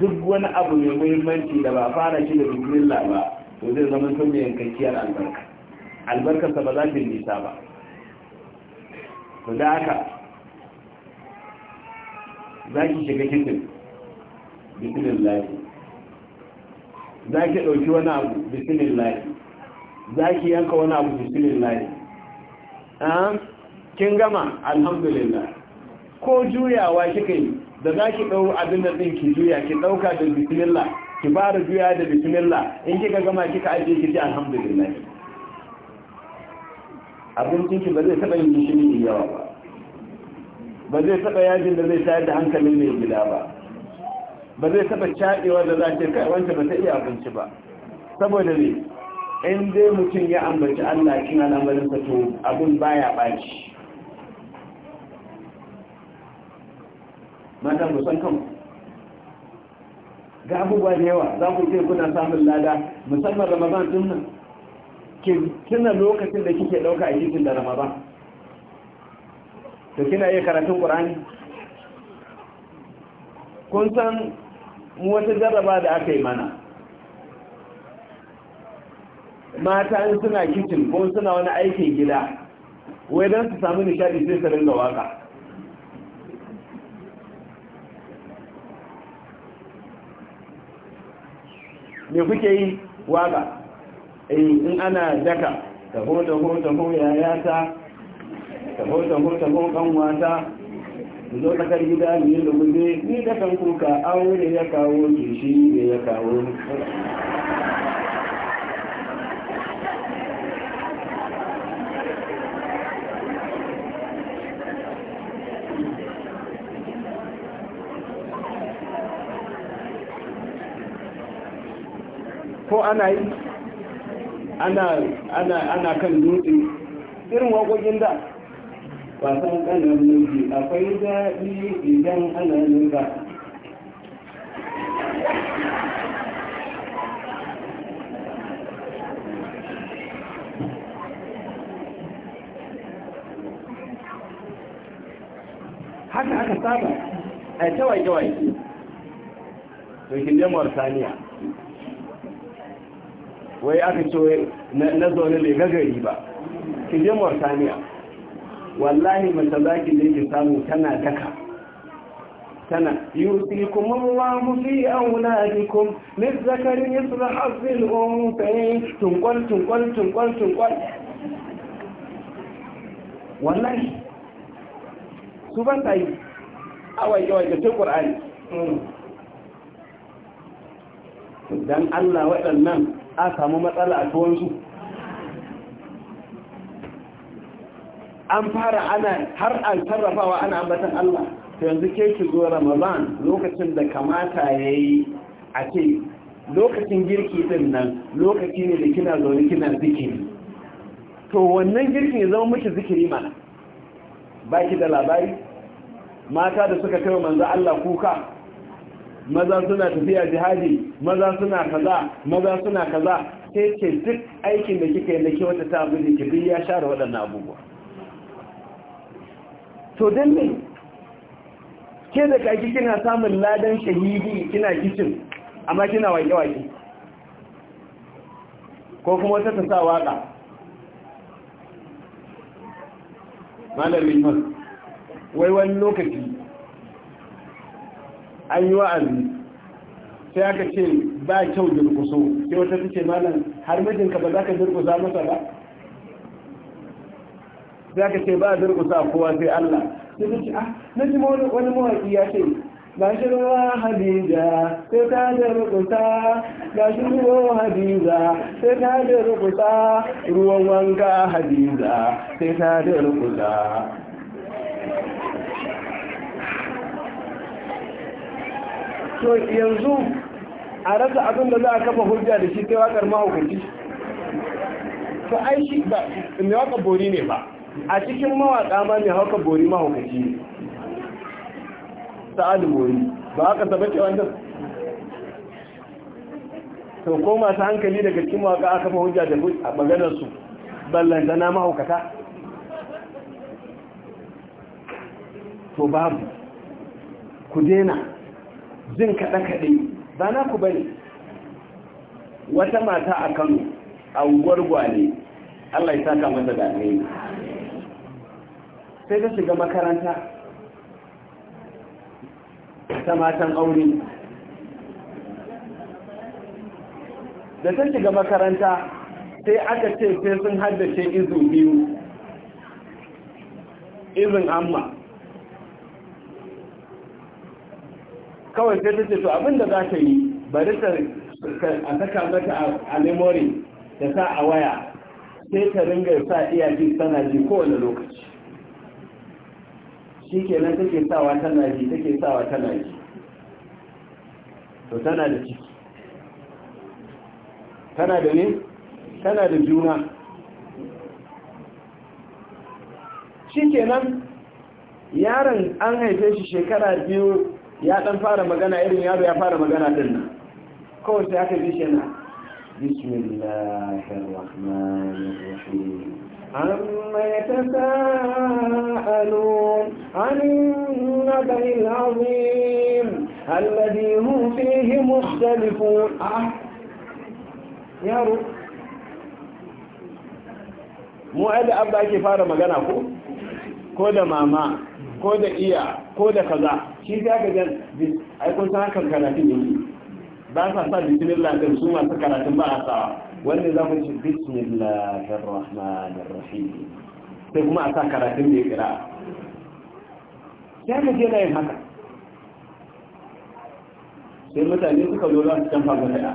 duk wani abu mai muhimmanci da ba fara shi da bismillah ba to zai zama tun mai yankakkiyar albarka albarkarsa ba za ta nisa ba to da haka za ki shiga kitin bismillah za ki ɗauki wani abu bismillah za ki yanka wani abu bismillah kin gama alhamdulillah ko juyawa kika yi da za ki ɗau abin da ɗin ki juya ki ɗauka da bismillah ki fara juya da bismillah in kika gama kika ajiye ki ji alhamdulillah abincin ki ba zai taɓa yin gishiri yawa ba ba zai taɓa yajin da zai tayar da hankalin mai gida ba ba zai taba shaɗewa da za ce kai wanda ba ta iya abinci ba saboda ne in dai mutum ya ambaci Allah cikin sa to abin baya ɓaci madan musan kan ga abubuwa da yawa za ku ce kuna samun lada musamman ramadan din nan kina lokacin da kike dauka a cikin da ramadan to kina iya karatun qur'ani kun san mu wata jarraba da aka yi mana mata in suna kicin ko suna wani aikin gida wai don su samu nishadi sai su ringa waka me kuke yi waka eh, in ana daka taho taho taho yayata taho taho taho wata, zo zo kasar gida mu yi lugunde ni da kan kuka aure ya kawo ki shi ne ya kawo ko ana yi ana kan dutse irin waƙoƙin da fasan kanan miji akwai daɗi idan ana nuka haka aka saba a kawai-kawai rikin jamar saniya wai aka ce na zaune mai gagari ba kin jamar saniya wallahi mace za ki je ki samu tana daka tana yusikum Allahu fi auladikum lizakari tun hazzi tun unthayayn tun tunqal tun tunqal wallahi su ban tai awai yawai da Qur'ani hmm. dan Allah waɗannan a samu matsala a tuwon su an fara ana har an sarrafawa ana ambatan Allah to yanzu ke ki zo Ramadan lokacin da kamata yayi a ce lokacin girki din nan lokaci ne da kina zaune kina zikiri to wannan girkin ya zama miki zikiri mana ki da labari mata da suka kai manzo Allah kuka maza suna tafiya jihadi maza suna kaza maza suna kaza sai ce duk aikin da kika yi na ke wata ta abu da ke duk ya share waɗannan abubuwa to don ne ke da kaki kina samun ladan shahidi kina kicin amma kina wake-wake ko kuma wata ta sa waka malamin man wai wani lokaci an yi wa'azi sai aka ce ba kyau durkuso sai wata ta ce malam har mijinka ba za ka durkusa masa ba za ka ce ba a sa kowa sai Allah sai ce ah na ji wani mawaƙi ya ce ba shi ruwa hadiza sai ta durƙusa ba shi ruwa hadiza sai ta durƙusa ruwan wanka hadiza sai ta durƙusa to yanzu a rasa abin da za a kafa hujja da shi sai wakar mahukunci to ai shi ba mai waka bori ne ba a cikin mawaka ma mai hauka bori mahaukaci ne sa'adu bori ba haka saba ce wanda to ko masu hankali daga cikin mawaƙa aka fa hujja da a maganarsu, su ballanta na mahaukata to babu ku dena jin kaɗe-kaɗe ba na ku bane wata mata a kano a gwale Allah ya saka masa da ne sai ta shiga makaranta ta matan aure da ta shiga makaranta sai aka ce sai sun haddace izu biyu izin amma kawai sai ta ce to abinda za ta yi bari ta a saka mata a memory da sa a waya sai ta ringa sa iya tana sana ji kowane lokaci shi kenan take sawa tana ji take sawa tana ji to tana da ciki tana da ne tana da juna shi kenan yaron an haife shi shekara biyu ya dan fara magana irin yaro ya fara magana din nan kawai sai aka ji shi na bismillahir عما يتساءلون عن النبأ العظيم الذي هم فيه مختلفون يا رب mu da abba ake fara magana ko ko da mama ko da iya ko da kaza shi sai aka gan ai kun san hakan karatun yake ba sa sa bismillah din su masu karatun ba a sawa wanda za mu ci bismillahir rahmanir rahim sai kuma a sa karatun mai kira sai mu je da yin haka sai mutane suka zo za su canfa mata da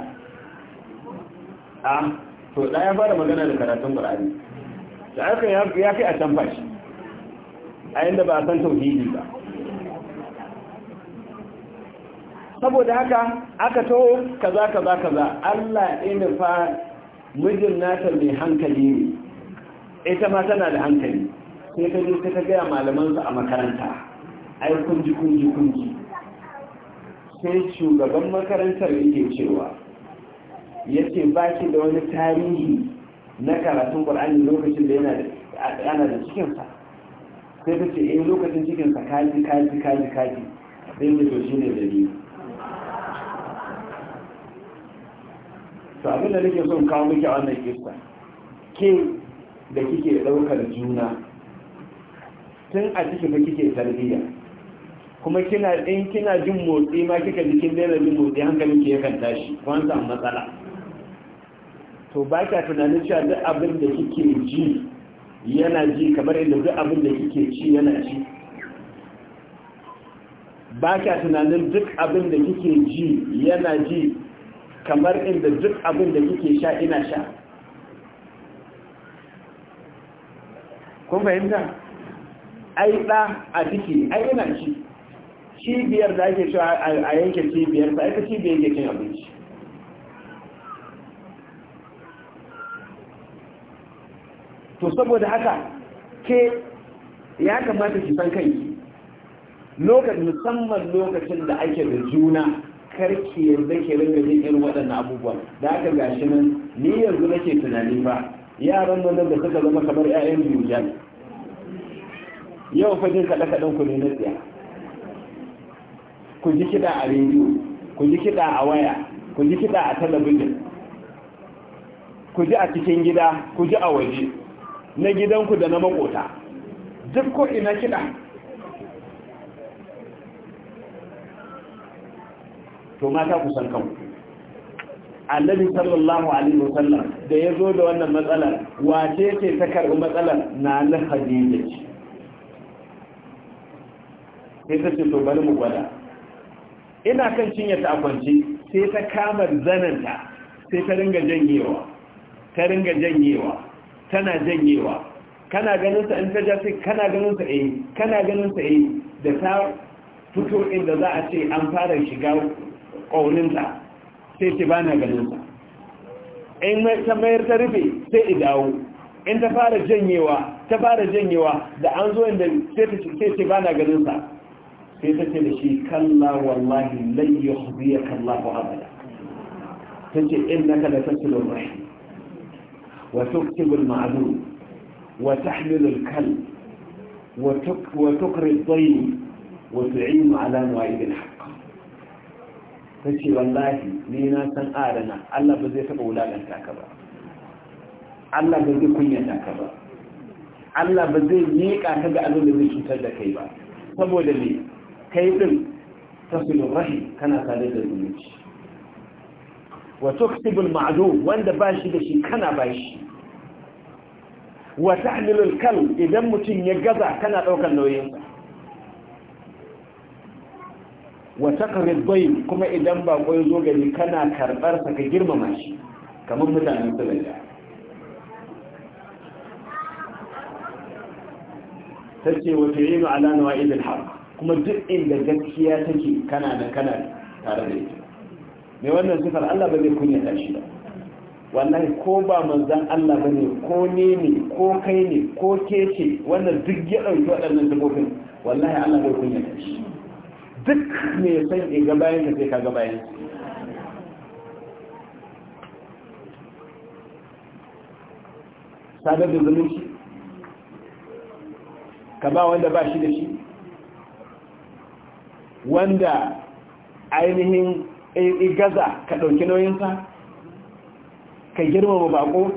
a to da ya fara magana da karatun ƙur'ani da aka ya kai a canfa shi a yadda ba a san tauhidi ba saboda haka aka to kaza kaza kaza Allah fa. mijin nata mai hankali ne ita ma tana da hankali sai ta je ta gaya su a makaranta ai kunji kunji kunji sai shugaban makarantar yake cewa ya ce ba ki da wani tarihi na karatun ƙwar'ani lokacin da yana da cikinsa sai ta ce eh lokacin cikinsa kaji kaji kaji kaji sai da to shi ne dalili to abin da nake son kawo miki wannan kista ke da kike ɗaukar juna tun a ciki da kike tarbiyya kuma kina in kina jin motsi ma kika jikin daina jin motsi hankalin ki yakan tashi kwan samu matsala to ba ka tunanin cewa duk abin da kike ji yana ji kamar yadda duk abin da kike ci yana ci ba ka tunanin duk abin da kike ji yana ji kamar inda duk abin da kike sha ina sha kun fahimta ai ɗa a ciki ai ina ci cibiyar da ake cewa a yanke cibiyar ba ita cibiyar yake cin abinci to saboda haka ke ya kamata ki san kanki lokacin musamman lokacin da ake da juna karki yanzu ke rinka 'yar irin waɗannan abubuwa da aka gashi nan ni yanzu nake tunani ba yaran nan da suka zama kamar 'ya'yan biyu yau fa jin kaɗe kaɗen ku ne na tsaya ku ji kiɗa a rediyo ku ji kiɗa a waya ku ji kiɗa a talabijin ku ji a cikin gida ku ji a waje na gidanku da na makota duk ko ina kiɗa to mata ku san kanku annabi sallallahu alaihi wasallam da ya zo da wannan matsalar wace ce ta karɓi matsalar na na hadija ce sai ta ce to bari mu gwada ina kan cinye ta akwanci sai ta kama zananta sai ta ringa janyewa ta ringa janyewa tana janyewa kana ganin sa in ta ja sai kana ganin sa eh kana ganin sa eh da ta fito inda za a ce an fara shiga ƙauninsa sai ce bana na ganinsa in ta mayar ta rufe sai i dawo in ta fara janyewa ta fara janyewa da an zo inda sai ce bana na ganinsa sai ta ce da shi kalla wallahi lai ya hudu ya kalla ko abada ta ce in na kada ta sulon rashi wa tuktibul ma'adu wa tahmilul kal wa tukri tsayi wa tu'inu ala nuwa haka ta ce wallahi ni na san adana Allah ba zai taɓa wulaƙanta ka ba Allah ba zai kunyata ka ba Allah ba zai miƙa ka ga abin da zai cutar da kai ba saboda me kai din da rahim kana sadar da zumunci wa tuktibul ma'dum wanda ba shi da shi kana ba shi wa ta'milul kal idan mutum ya gaza kana ɗaukar nauyinsa wa taqrid dayf kuma idan ba ya zo gari kana karbar sa ka girmama shi kamar mutanen Ta ce wa tu'inu ala nawa'id idil haq kuma duk inda gaskiya take kana da kana tare da ita me wannan sifar Allah ba zai ta shi ba wallahi ko ba manzan Allah ba ne ko ne ne ko kai ne ko ke ce wannan duk ya ɗauki waɗannan dubofin wallahi Allah bai ta shi duk mai san ga bayan da sai ka ga bayan sadar da zumunci ka ba wanda ba shi da shi wanda ainihin gaza ka ɗauki nauyinsa ka girmama bako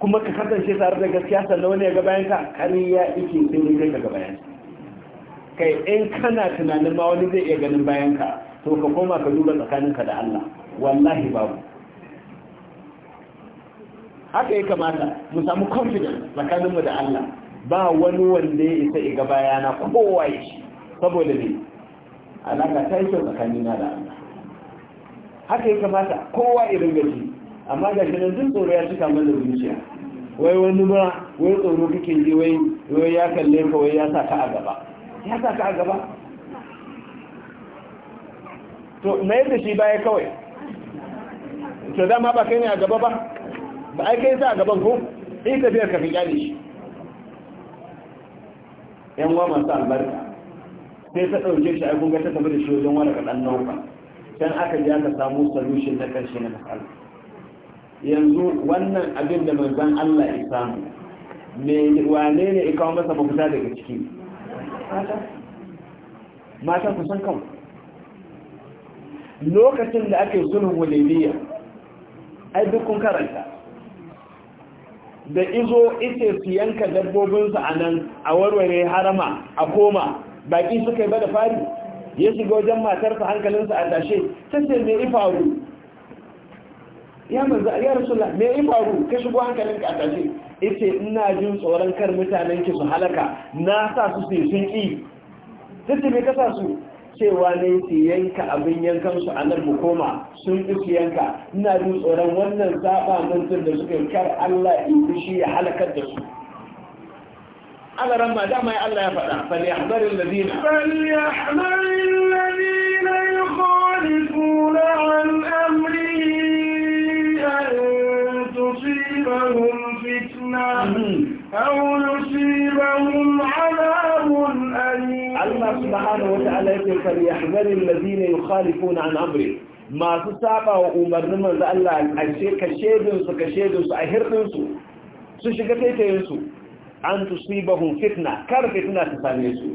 kuma ka kasance tare da gaskiya sannan wani ya gabayanka kariya ike sai ne zai ka gabayanka kai in kana tunanin ma wani zai iya ganin bayan ka to ka koma ka duba tsakaninka da Allah wallahi babu haka ya kamata mu samu confidence tsakaninmu da Allah ba wani wanda ya isa iga bayana kowa ya shi saboda ne alaka ta yi kyau tsakanina da Allah haka ya kamata kowa irin gaji amma ga shi nan duk tsoro ya cika mana zuciya wai wani ba wai tsoro kake ji wai ya kalle ka wai ya sa ka a gaba ya sa ka a gaba to na yadda shi baya kawai to dama ba kai ne a gaba ba ba ai kai sa a gaban ko in tafiyar ka fi kyale shi yan wa masu albarka sai ta ɗauke shi aikun ga ta tafi da shi wajen wani kaɗan nauka can aka ji aka samu solution na ƙarshe na matsala yanzu wannan abin da mai ban Allah ya samu me wane ne ikawa masa mafita daga ciki mata ku san kanku lokacin da ake sulhun waliliya ai duk kun karanta da izo ite su yanka dabbobinsu a nan a warware harama a koma baki suka yi ba da fari ya shiga wajen matarsa hankalinsa a tashe sai sai mai ifaru ya manza ya rasula mai ifaru ka shigo hankalinka a tashe ita ina jin tsoron kar mutanen ki su halaka na sa su sai sun ki duk me ka sa su cewa ne su yanka abin yankan su a nan mu koma sun ki su yanka ina jin tsoron wannan zaba tun da suke kar Allah in shi ya halakar da su Allah على رمى دام يا الله يفعل فليحذر الذين فليحذر الذين yukhalifuna an amri أن تصيبهم جهنم أو يصيبهم عذاب أليم الله سبحانه وتعالى يقول فليحذر masu saba wa umarnin manzo Allah a kashedin su kashedin su a hirdin su su shiga taitayen su an tusibahum fitna kar fitna ta same su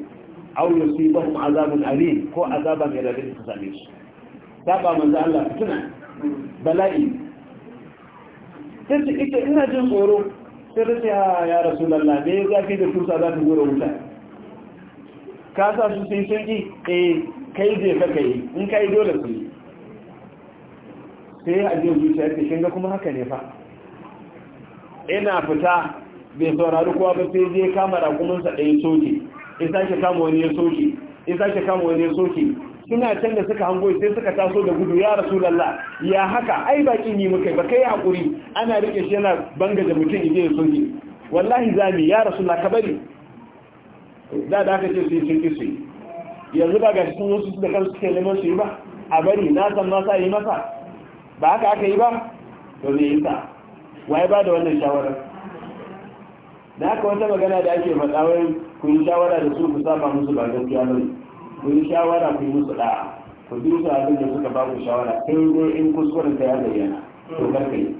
aw yusibahum azabun alim ko azaban mai radadi ta same su saba manzo Allah fitna bala'i sai ita ina jin tsoro sai ta ya ah, ya rasulallah ne zafi da tusa za ta gura wuta ka sa su sai sun yi a eh, kai je ka kai in ka yi dole su yi sai a je zuciya ta shiga kuma haka ne fa ina fita bai saurari kowa ba sai je kama sa ɗaya soke in sake kama wani ya soke in sake kama wani ya soke suna can da suka hango sai suka taso da gudu ya lalla. ya haka ai baki ni muka ba kai hakuri ana rike shi yana bangaje mutum ije ya sunki wallahi zami ya na ka bari da da aka ce su sun ki su yanzu ba shi sun wasu da kansu suke neman su yi ba a bari na san ma sa yi masa ba haka aka yi ba to me sa waye ba da wannan shawara da haka wata magana da ake faɗa wai ku yi shawara da su ku saba musu ba gaskiya bane ku yi shawara ku yi musu da'a ku bi su abin da suka ba ku shawara sai dai in kuskuren ta ya bayyana to karka yi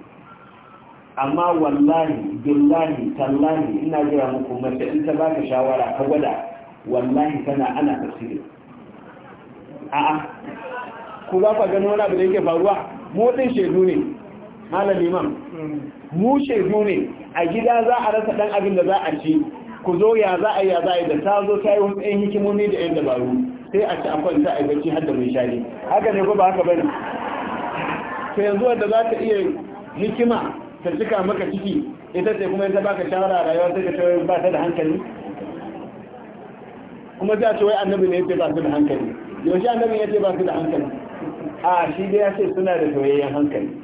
amma wallahi billahi tallahi ina gaya muku mace in ta baka shawara ka gwada wallahi tana ana tafsiri a'a ku ba ka gano wani abu da yake faruwa mu din shaidu ne malam imam mu shaidu ne a gida za a rasa dan abin da za a ci ku zo ya za a ya za a yi da ta zo ta yi wani ɗan hikimomi da 'yan dabaru sai a ci a kwanta a hada har da mai shari haka ne ko ba haka bane to yanzu wadda za ta iya hikima ta cika maka ciki ita ce kuma ta baka shawara rayuwa ta ta yi ba ta da hankali kuma za ce wai annabi ne ya ce ba su da hankali yaushe annabi ya ce ba su da hankali a shi dai ya ce suna da soyayyen hankali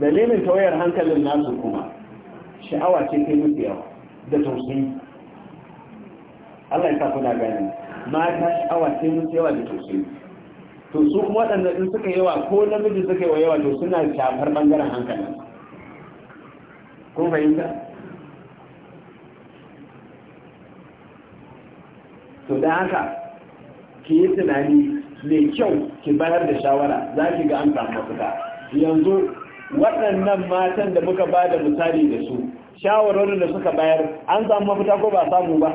dalilin tawayar hankalin nasu kuma sha'awa ce ta musu yawa da tausayi Allah ya sa gani mata sha'awa sai mun yawa da tausayi to su kuma waɗanda in suka yawa ko namiji suka yawa yawa to suna shafar bangaren hankalin kun fahimta to da haka ki yi tunani mai kyau ki bayar da shawara za ki ga an samu mafita yanzu waɗannan matan da muka ba da misali da su shawarorin da suka bayar an samu mafita ko ba samu ba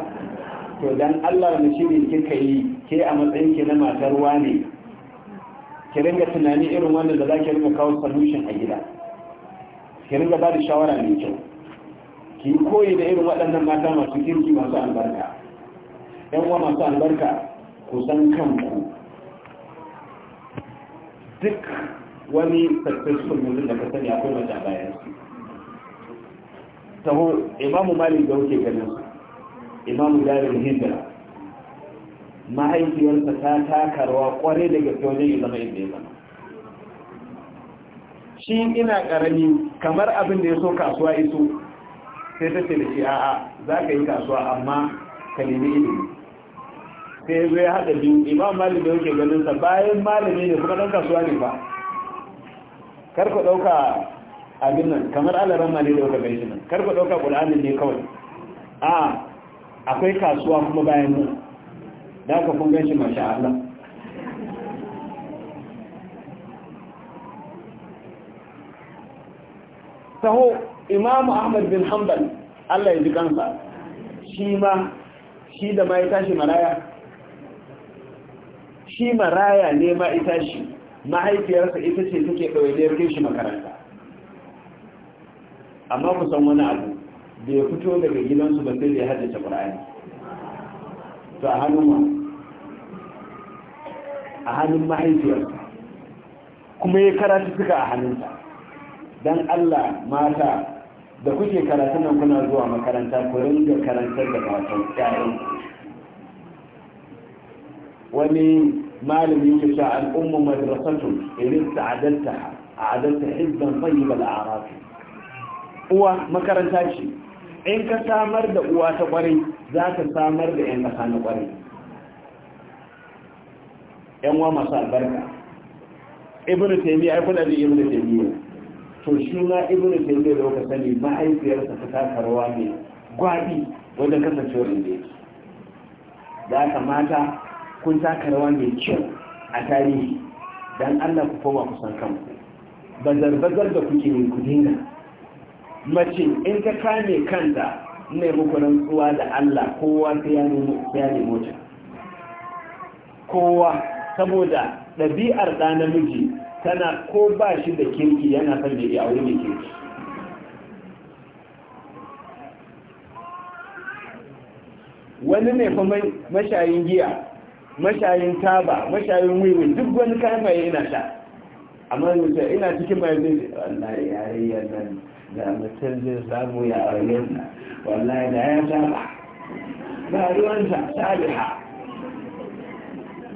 to dan Allah wani shiri kika yi ke a matsayin ke na matar wane ki ringa tunani irin wanda da zaki ringa kawo solution a gida ki ringa ba da shawara mai kyau ki koyi da irin waɗannan mata masu kirki masu albarka yan uwa masu albarka ku san kanku duk wani successful mutum da ka sani akwai mata a bayan su taho imamu malik da wuce ganin su imamu darin hijira mahaifiyarsa ta taka rawa kwarai da gaske wajen ya zama inda ya zama shi ina karami kamar abin da ya so kasuwa iso sai ta ce da shi a'a za ka yi kasuwa amma ka nemi ilimi sai zai haɗa biyu imam malin da yake ganin sa bayan malami ne kuma ɗan kasuwa ne ba kar ɗauka abin nan kamar alaran mali da kuka bai shi nan kar ɗauka ƙul'anin ne kawai a akwai kasuwa kuma bayan nan da aka kun gashi masha Allah Taho imamu ahmad bin hanbal Allah ya ji kansa shi ma shi da ma ita tashi maraya shi maraya ne ma ita shi mahaifiyarsa ita ce take ɗauye da yarke shi makaranta amma ku san wani abu bai fito daga gidansu ba sai da ya haddace ƙura'ani to a hannun wa a hannun mahaifiyarsa kuma ya karatu suka a hannunsa don allah mata da kuke karatu nan kuna zuwa makaranta ku ringa karantar da matan ƴaƴan wani malami ke sha al'ummu madrasatun irin ta'adatta a adatta hizban fayyibar a arafi uwa makaranta ce in ka samar da uwa ta kwarai za ka samar da 'yan ƙasa na kwarai yan wa masu albarka ibn taimi ai kula da ibn taymiya to shi na ibn taimi da kuka sani mahaifiyarsa ta taka rawa ne gwabi wajen kasancewar inda yake ya mata kun taka rawa mai kyau a tarihi dan Allah ku koma kusan kanku bazar bazar da kuke yin ku dinga mace in ka kame kanta ne muku tsuwa da Allah kowa sai ya nemo ta kowa saboda ɗabi'ar ɗa namiji tana ko ba shi da kirki yana son da ya wuri kirki wani ne fa mashayin giya mashayin taba mashayin wiwi duk wani kayan mai yana sha amma ina cikin maye zai ce wallahi yayi yanzu da mutum zai samu ya aure sa. wallahi da ya saba ba ruwansa saliha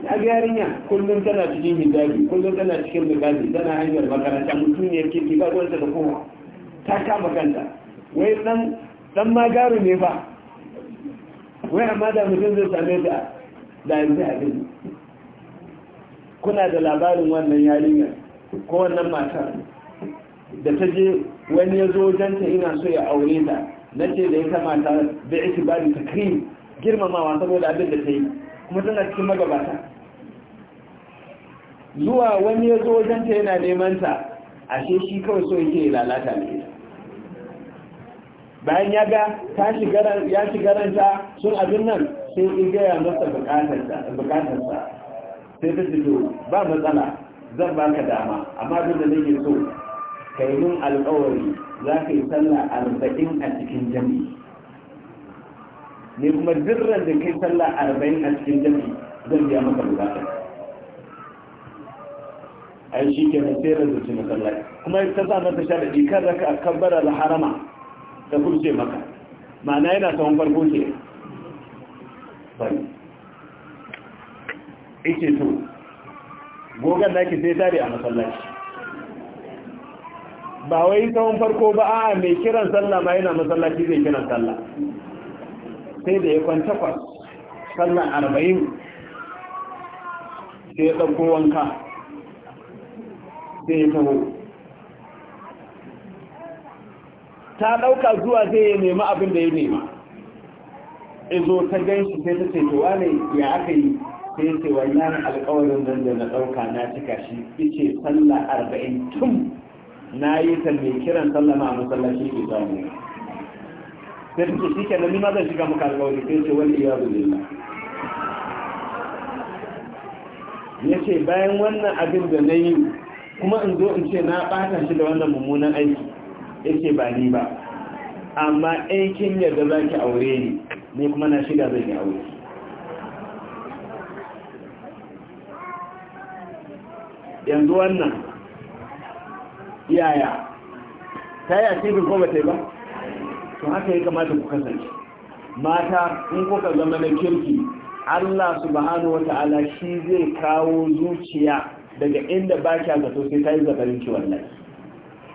a yarinya kullum tana cikin hijabi kullum tana cikin bukaci tana hanyar makaranta mutum ne kirki ba ruwansa da kowa ta kama kanta wai dan dan magaru ne ba wai amma da mutum zai same ta da yanzu abin kuna da labarin wannan yarinya ko wannan matar da ta je wani ya zo wajenta ina so ya aure ta na ce da ya kamata da ya ba da takrim girmamawa saboda abin da ta yi kuma tana cikin magabata zuwa wani ya zo wajenta yana neman ta ashe shi kawai so yake lalata da bayan ya ga ya shiga ranta sun abin nan sai in gaya masa bukatarsa sai ta ba matsala zan baka dama amma duk da nake so ka yi alƙawari za ka yi sallah arba'in a cikin jami'i ne kuma dirran da kai sallah arba'in a cikin jami'i zan biya maka bukata yi shi ke nan da razuci masallaci kuma ta sa mata da kan raka ka kabbara da harama ta kurce maka ma'ana yana tsawon farko ce bari ike to gogon da ke sai tare a masallaci ba wai tsawon farko ba a mai kiran sallah ma yana masallaci zai kiran sallah sai da ya kwanta kwas sallah arba'in sai ya ɗauko wanka sai ya taho ta ɗauka zuwa zai ya nema abin da ya nema izo ta gan shi sai ta ce ne ya aka yi sai ya ce wannan alkawarin zan da dauka, ɗauka na cika shi ice sallah arba'in tun na yi talme kiran sallama a masallaci ke samu sai suke na shi zan shiga maka alƙawari sai ce wani iya zuwa ya ce bayan wannan abin da na yi kuma in zo in ce na ɓata shi da wannan mummunan aiki ya ce ba ni ba amma aikin yadda yarda za ki aure ni ne kuma na shiga zai yi aure yanzu wannan yaya ta yi a ko ba ta yi ba to haka ya kamata ku kasance mata in kuka zama na kirki Allah subhanahu Ta'ala, shi zai kawo zuciya daga inda ba kya zato sai ta yi zabarin ki wallahi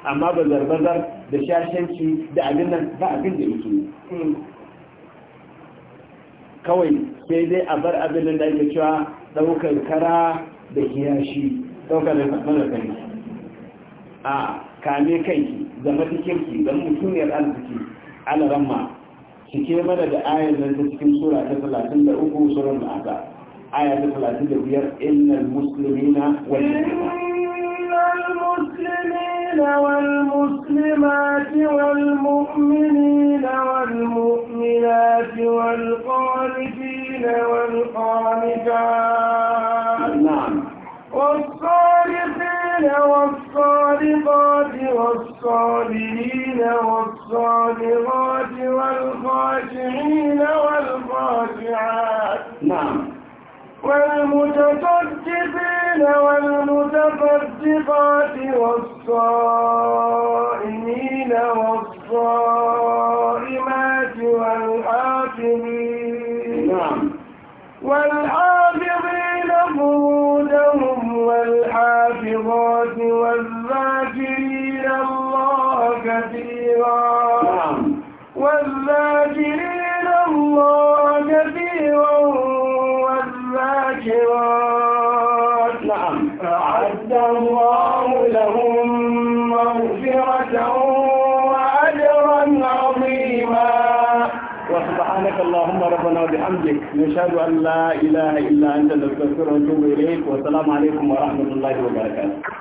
amma ba zarbazar da shashanci da abin nan ba abin da yake kawai sai dai a bar abin da ake cewa daukar kara da kiyashi daukar da da kanki a kame kanki zama kirki zama mutumiyar arziki alaramma cike mana da ayar nan ta cikin sura ta 33 da ma'aza aya ta 35 innal muslimina wal المسلمين والمسلمات والمؤمنين والمؤمنات والقانتين والقانتات نعم الرحمن والصادقات والصابرين والصادقات والخاشعين والخاشعات نعم والمتصدقين والمتصدقات والصائمين والصائمات والحافظين نعم والحافظين فروجهم والحافظات والذاكرين الله كثيرا نعم. والذاكرين الله كثيرا والذاكرات نعم أعد الله لهم مغفرة سبحانك اللهم ربنا وبحمدك نشهد أن لا إله إلا أنت نستغفرك ونتوب إليك والسلام عليكم ورحمة الله وبركاته